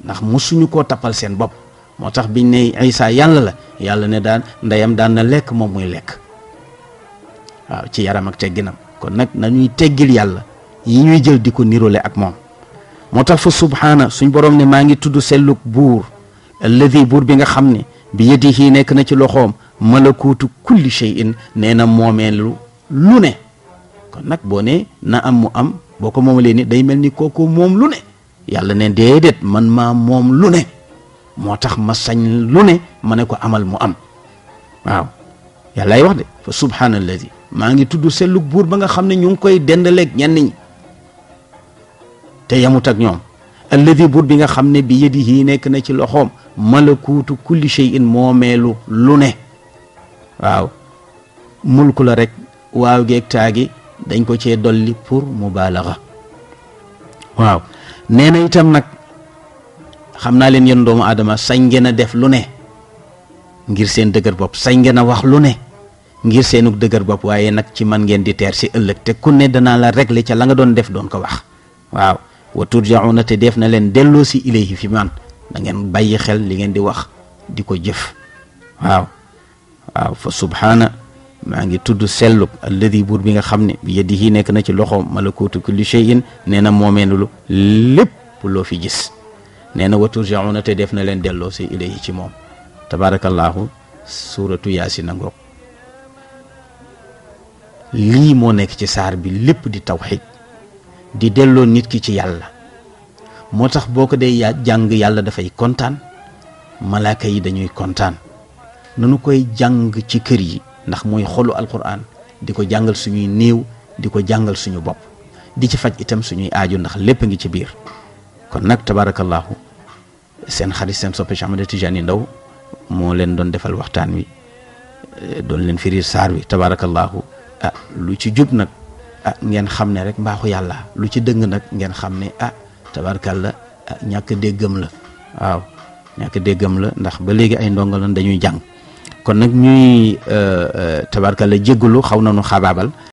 ndax mosuñu koo tappal seen bopp moo tax biñ ne Isaa yàlla la yàlla ne daan ndeyam daan na lekk moom muy lekk waaw ci yaram ak tegginam kon nag nañuy teggil yàlla yi ñuy jël di ko niroole ak moom moo tax fa subhaana suñ borom ne maa ngi tudd seen selluk buur alladi buur bi nga xam ne bi yadihi nekk na ci loxoom malakuutu kulli in nee na moomeelu lu ne kon nag boo na am mu am boo ko moomalee ni day mel ni kooku moom lu ne yàlla ne déedéet man maa moom lu ne moo tax ma sañ lu ne ma ne ko amal mu am waaw yàllaay wax de fa subhaanaalladi maa ngi tudd sellug buur ba nga xam ne ñu ngi koy dendaleek ñenn te yamut ak ñoom alladi buur bi nga xam ne bi yadihi nekk na ci loxoom malakuutu kulli shay'in moomeelu lu ne waaw mulku la rek waaw geeg taa gi dañ ko cee dolli pour mu mubaalaxa waaw nee na itam nag xam naa leen yéen doomu aadama sañ ngeen a def lu ne ngir seen dëgër bopp sañ ngeen a wax lu ne ngir seenug dëgër bopp waaye nag ci man ngeen di teer si ëllëg te ku ne danaa la régler ca la nga doon def doon ko wax waaw wa na te def na leen delloo si ilayhi fi man dangeen bàyyi xel li ngeen di wax di ko jëf waaw waaw fa subhaana maa ngi tudd sellub alladi buur bi nga xam ne bi yadihi nekk na ci loxoom malakuutu kulli cheyin nee na moomeenulu lépp loo fi gis nee na wa turjauna te def na leen delloo si ilayhi ci moom tabaarakallaahu suuratu yaasin a ngoog lii moo nekk ci saar bi lépp di tawxid di delloo nit ki ci yàlla moo tax boo ko dee jàng yàlla dafay kontaan malaaka yi dañuy kontaan nanu koy jàng ci kër yi ndax mooy xolu alquran di ko jàngal suñuy niiw di ko jàngal suñu bopp di ci faj itam suñuy aajo ndax lépp a ngi ci biir kon nag tabaarakallaahu seen xarit seen soppe Cheikh Ahmed Tidiane ndaw moo leen doon defal waxtaan wi eh, doon leen firiir saar wi tabaarakallaahu ah lu ci jub nag ah, ngeen xam ne rek mbaaxu yàlla lu ci dëng nag ngeen xam ne ah tabaarakalla ah ñàkk gëm la waaw ñàkk déggam la ndax ba léegi ay ndongo lañ dañuy jàng kon nag ñuy euh, euh, tabarkalla jéggalu xaw nañu xabaabal